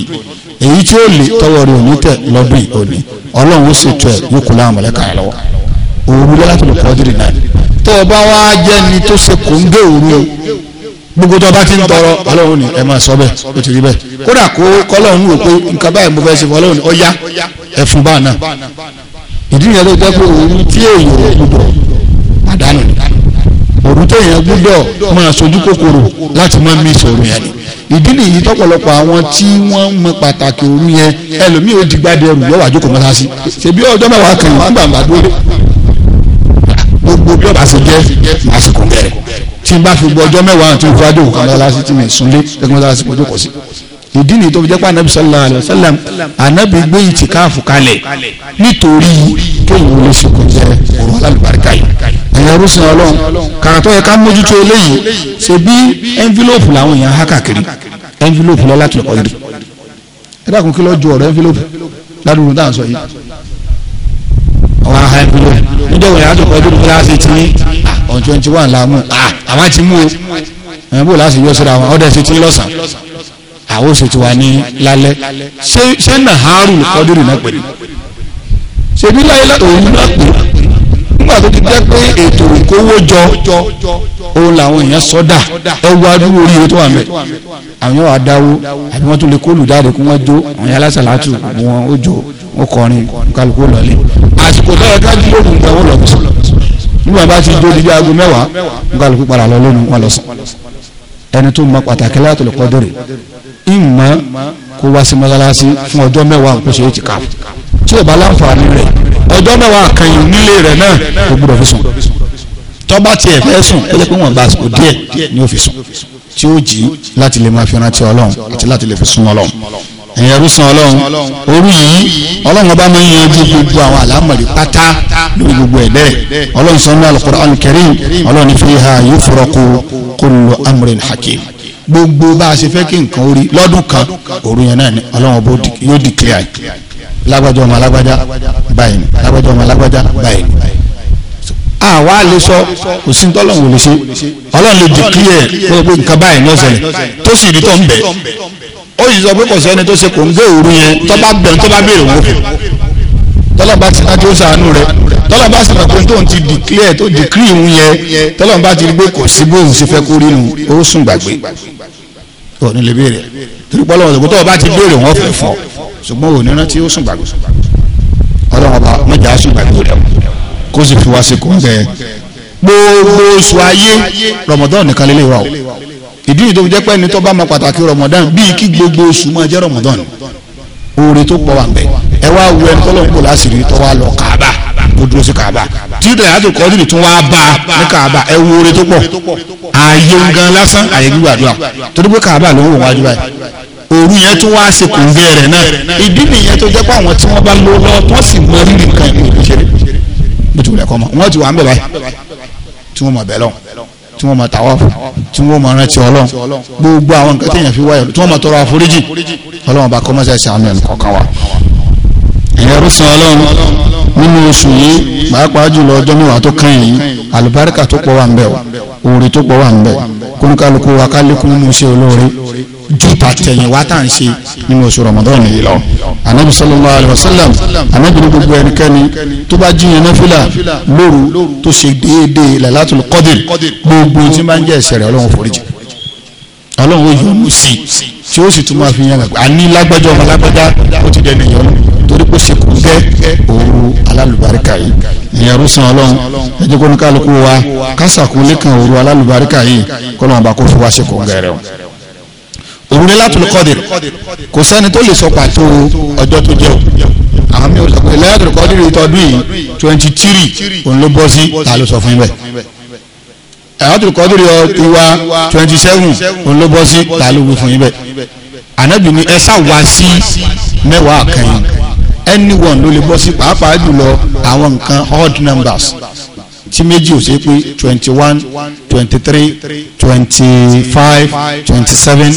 èyí tí ó lè tọwọ́ rẹ̀ òní tẹ̀ lọ́dún òní ọlọ́run ó ṣètò ẹ̀ yókù láwọn mọ̀lẹ́kà lọ́wọ́ òru lọ́lá tó lè kọ́ tó o bá wá jẹ́ ni tó ṣe kò ń gbé òru gbogbo tó o bá ti ń tọrọ ọlọ́run ni ẹ máa sọ bẹ́ẹ̀ ó ti rí bẹ́ẹ̀ kódà kó kọ́lọ́run wò pé nǹkan báyìí mo fẹ́ ṣe fún ọlọ́run ni ọ̀ya ẹ̀fun bá náà ìdí yẹn ló jẹ́ pé òru tí èèyàn gbúdọ̀ pàdánù òru tí èèyàn gbúdọ̀ máa sojú kòkòrò láti máa mí sọ̀rọ̀ yẹn ni ìdí nìyí tọ́pọ̀lọpọ̀ àwọn tí wọ́n mọ pàtàkì òru yẹn ẹlòmíì ó di gbádẹ́rù yọ̀wá jókòó mọ́sáàsì ṣèbí ọjọ́ mẹ́wàá kan wọ́n gbogbo bí ọba ṣe jẹ́ àsìkò bẹ̀rẹ̀ tí n bá fi gbọ́ ọjọ́ mẹ́wàá àti òkú adé òkú aláṣẹ tí mi súnlé ẹgbẹ́ aláṣẹ kò jókòó sí. ìdí nìyí tó fi jẹ́ pé anabi sallallahu alayhi wa sallam anabi gbé ìtìkáàfù kalẹ̀ nítorí kéèyàn ò lè fi kò jẹ ọ̀rọ̀ alálùbáríkà yìí. ẹ̀yàn rúṣin ọlọ́run kàràtọ́ yẹ ká mójútó eléyìí ṣe bí envelope làwọn èèyàn há káàkiri envelope lọ́lá tó kọ́ wọn ha ẹbí lóyún níjọ́ wọn yàrá tó kọjú nípa láti ti ní ah, on twenty one la mú ah, àwa ti mú o ẹ̀ bó láti yọ síra wọn ọ̀dẹ̀ ti ti lọ́sàn àwọn oṣù ti wà ní lálẹ́ ṣé nàhárù kọ́dúrì náà pè ní ṣèbí láyé òun náà pè nígbà tó ti jẹ́ pé ètò ìkówójọ òun làwọn èèyàn sọ́dà ẹ wá dúró oríire tó wà mẹ́ àwọn yóò wá dáwó àbí wọ́n tún lè kóòlù jáde kí wọ́n jó àwọn yàrá sàlátù wọn ó jó ó kọrin kálukú lọlé àsìkò tó yẹ ká jí lóògùn gbà wọ́n lọ bí sùn nígbà bá ti jó dídí aago mẹ́wàá kálukú padà lọ lónìí wọn lọ sùn ẹni tó mọ pàtàkì láti lè kọ́dọ̀rẹ̀ ìmọ̀ kó wá sí mọ́sálásí fún ọjọ́ mẹ́wàá àkóso ètì ká tí ò láǹfààní rẹ̀ ọjọ́ mẹ́wàá àkànyìn nílé rẹ̀ náà kò gbúdọ̀ fi sùn tọ́ba tiẹ̀ fẹ́ sùn ó yẹ pé wọ́n gba àsìkò díẹ̀ ni ó fi sùn tí ó jì láti lè máa fi rántí ọlọ́run àti láti lè fi sún ọlọ́run ẹ̀yin ẹrúsàn ọlọ́run òru yìí ọlọ́run ọba máa ń yanjú gbogbo àwọn àlámọ̀rí pátá lórí gbogbo ẹ̀dẹ́ ọlọ́run sọ ní al-Qur'an al-Karim ọlọ́run fiha yufraqu kullu amrin hakim gbogbo bá a ṣe fẹ́ kí nǹkan orí lọ́dún kan òru yẹn náà ni ọlọ́run ọba yóò declare lágbájá ọmọ alágbájá báyìí lágbájá ọmọ alágbájá báyìí àwa lè sọ kò sí lè ṣe ọlọ́run lè declare pé nǹkan báyìí ni ó ó sì sọ pé kò sẹ́ni tó ṣe kò ń gbé òru yẹn tó bá gbẹ̀ tó bá béèrè owó fún tọ́lọ̀ bá ti dájú sàánú rẹ tọ́lọ̀ bá sì mọ̀ pé tóun ti declare tó decree òun yẹn tọ́lọ̀ bá ti rí pé kò sí bóun ṣe fẹ́ kó rí nu ó sùn gbàgbé tó ní lè béèrè torí pọ́lọ́ wọn tó bá ti béèrè wọn fẹ́ fọ́ ṣùgbọ́n òun níran tí ó sùn gbàgbé ọlọ́run ọba mọ̀jà sùn gbàgbé rẹ kó sì fi wá sí kó ń bẹ gbogbo oṣù ayé Ramadan nìkan lélẹ́wà o ìdí yìí tó fi jẹ́ pé ẹni tó bá mọ pàtàkì Ramadan bíi kí gbogbo oṣù máa jẹ́ Ramadan oore tó pọ̀ wà ń bẹ̀ ẹ wá wọ ẹni tó lọ́nkọ́ láṣìírí tó wá lọ Kaaba ó dúró sí Kaaba tí ìdá yàtò kọ́dìrì tún wá bá a ní Kaaba ẹ wo oore tó pọ̀ ààyè ngan lásán ààyè gbígbàdúrà torí pé Kaaba ló ń wò wájú báyìí òru yẹn tún wá ṣe kòǹgẹ́ rẹ̀ náà ìdí nìyẹn tó jẹ́ pé tí wọ́n bá lò lọ wọ́n sì mọ nǹkan ìlú ìṣeré bó ti wù lẹ́kọ́ mọ́ wọ́n ti wà ń bẹ̀ báyìí tí wọ́n mọ̀ bẹ́ẹ̀ lọ́wọ́ tí wọ́n máa tàwa tí wọ́n máa rántí ọlọ́run gbogbo àwọn nǹkan téèyàn fi wáyà tí wọ́n máa tọrọ àforíjì ọlọ́run bá kọ́mọ́sẹ̀ sàánú ẹ̀ kọ̀ọ̀kan wa. ẹ̀rọ̀sìn ọlọ́run nínú oṣù yìí pàápàá jùlọ ọjọ́ mẹ́wàá tó kàn yìí àlùbáríkà tó pọ̀ wà ń bẹ̀ òòrè tó pọ̀ wà ń bẹ̀ kóníkálukú wa kálékún mú iṣẹ́ olóore ju nínú oṣù Ramadan yìí lọ anabi sallallahu alayhi wa sallam anabi ní gbogbo ẹnikẹ́ni tó bá jíyan náfìlà lóru tó ṣe déédéé lailatul qadr gbogbo tí máa ń jẹ́ ẹ̀ṣẹ̀ rẹ̀ ọlọ́run foríjì ọlọ́run ó yọ ọ́ sí tí ó sì tún máa fi yan àgbà àní lágbájọ́ ọmọ lágbájá ó ti dẹni yọ torí kó ṣe kó gẹ́ òru alálùbáríkà yìí ìyẹn rúsan ọlọ́run ẹ jẹ́ kó ní kálukú wa kásàkúnlé kan òru alálùbáríkà yìí kọ́lọ́mọba kó fi wá òru ní láti lùkọ́ dìrì kò sẹ́ni tó lè sọ pàtó ọjọ́ tó jẹ́ o àwọn mi ò sọ pé lẹ́yìn lùkọ́ dìrì ìtọ́dún yìí twenty three òun ló bọ́ sí ta ló sọ fún yín bẹ́ẹ̀ ẹ̀họ́n tó kọ́ dìrì ọtí wa twenty seven òun ló bọ́ sí ta ló wí fún yín bẹ́ẹ̀ ànábì ni ẹ sá wá sí mẹ́wàá kan yìí anyone ló lè bọ́ sí pàápàá jùlọ àwọn nǹkan odd numbers tí méjì ò ṣe pé twenty one twenty three twenty five twenty seven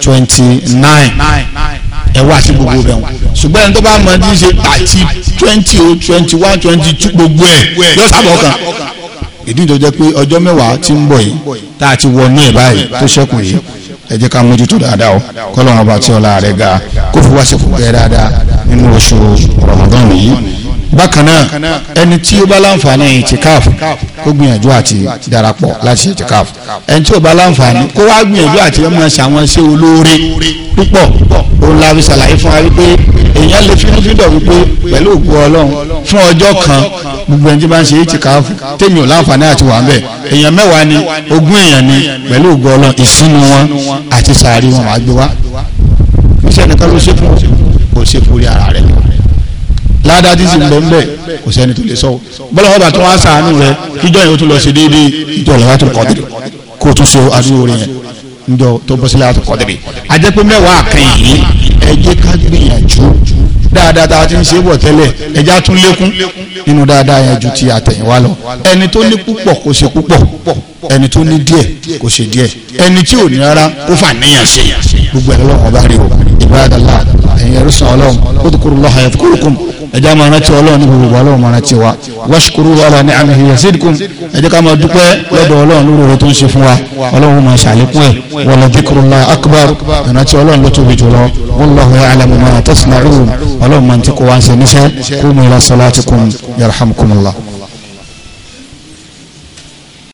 twenty nine ẹ wá sí gbogbo bẹ̀ wọ́n ṣùgbọ́n ẹni tó bá mọ ní ṣe àti twenty o twenty one twenty two gbogbo ẹ̀ yóò sábọ̀ kan ìdí tó jẹ́ pé ọjọ́ mẹ́wàá tí ń bọ̀ yìí tá a ti wọ ní ẹ̀ báyìí tó ṣẹ́kù yìí ẹ jẹ́ ká mójútó dáadáa o kọ́lọ́mọba tí ọlá rẹ̀ ga kó fi wá sí kò dáadáa nínú oṣù Ramadan yìí bákan náà ẹni tí ó bá láǹfààní ìtìkáàfù ó gbìyànjú àti darapọ̀ láti ìtìkáàfù ẹni tí ó bá láǹfààní kó wá gbìyànjú àti ọmọ ẹ̀ṣẹ̀ àwọn ẹṣẹ́ olóore púpọ̀ òun la fi ṣàlàyé fún wa wípé èèyàn lè fínúfíndọ̀ wípé pẹ̀lú òkú ọlọ́run fún ọjọ́ kan gbogbo ẹni tí bá ń ṣe ìtìkáàfù tèmi ò láǹfààní àti wà ń bẹ̀ èèyàn mẹ́wàá ni ogún èèyàn ni pẹ̀lú òkú ọlọ́run ìsinu wọn àti sàárì wọn ládàá tí sì ń bẹ ń bẹ kò sẹ́ni tó lè sọ bọ́lá wọn bá tó wá sàánú rẹ kíjọ yẹn ó tún lọ sí déédéé ìjọ lọ́wọ́ tó kọ́dìrì kó tún so àdúgbò rẹ yẹn njọ tó bọ́ sílẹ̀ àtúkọ́ kọ́dìrì àjẹpẹ́ mẹ́wàá kan yìí ẹ jẹ́ ká gbìyànjú dáadáa tá a ti ń ṣe bọ̀ tẹ́lẹ̀ ẹja tún lékún nínú dáadáa yẹn ju ti àtẹ̀yìnwá lọ ẹni tó ní púpọ̀ kó ṣe púpọ̀ ẹni tó ní díẹ̀ kó ṣe díẹ̀ ẹni tí ò ní rárá kó fà níyàn gbogbo ẹ̀ lọ́wọ́ bá rí o ìbáradàlá ẹ̀yin ẹ̀rú sàn ọlọ́run ó ti kúrò lọ́hà ẹ̀fúkúrúkùn ẹ̀já máa rántí ọlọ́run ní gbogbo ọlọ́run máa rántí wa wáṣíkúrú wàhálà ní àmì ìyẹ̀sídìkùn ẹ jẹ́ ká máa dúpẹ́ lọ́dọ̀ ọlọ́run lórí ọ̀rọ̀ tó ń ṣe fún wa ọlọ́run máa ṣàlékún ẹ̀ wala dhikrullahi akbar ìrántí ọlọ́run ló tóbi jùlọ wallahu ya'lamu ma tasna'un ọlọ́run máa ti kó wa ń ṣe níṣẹ́ qumu ila salatikum yarhamkumullah.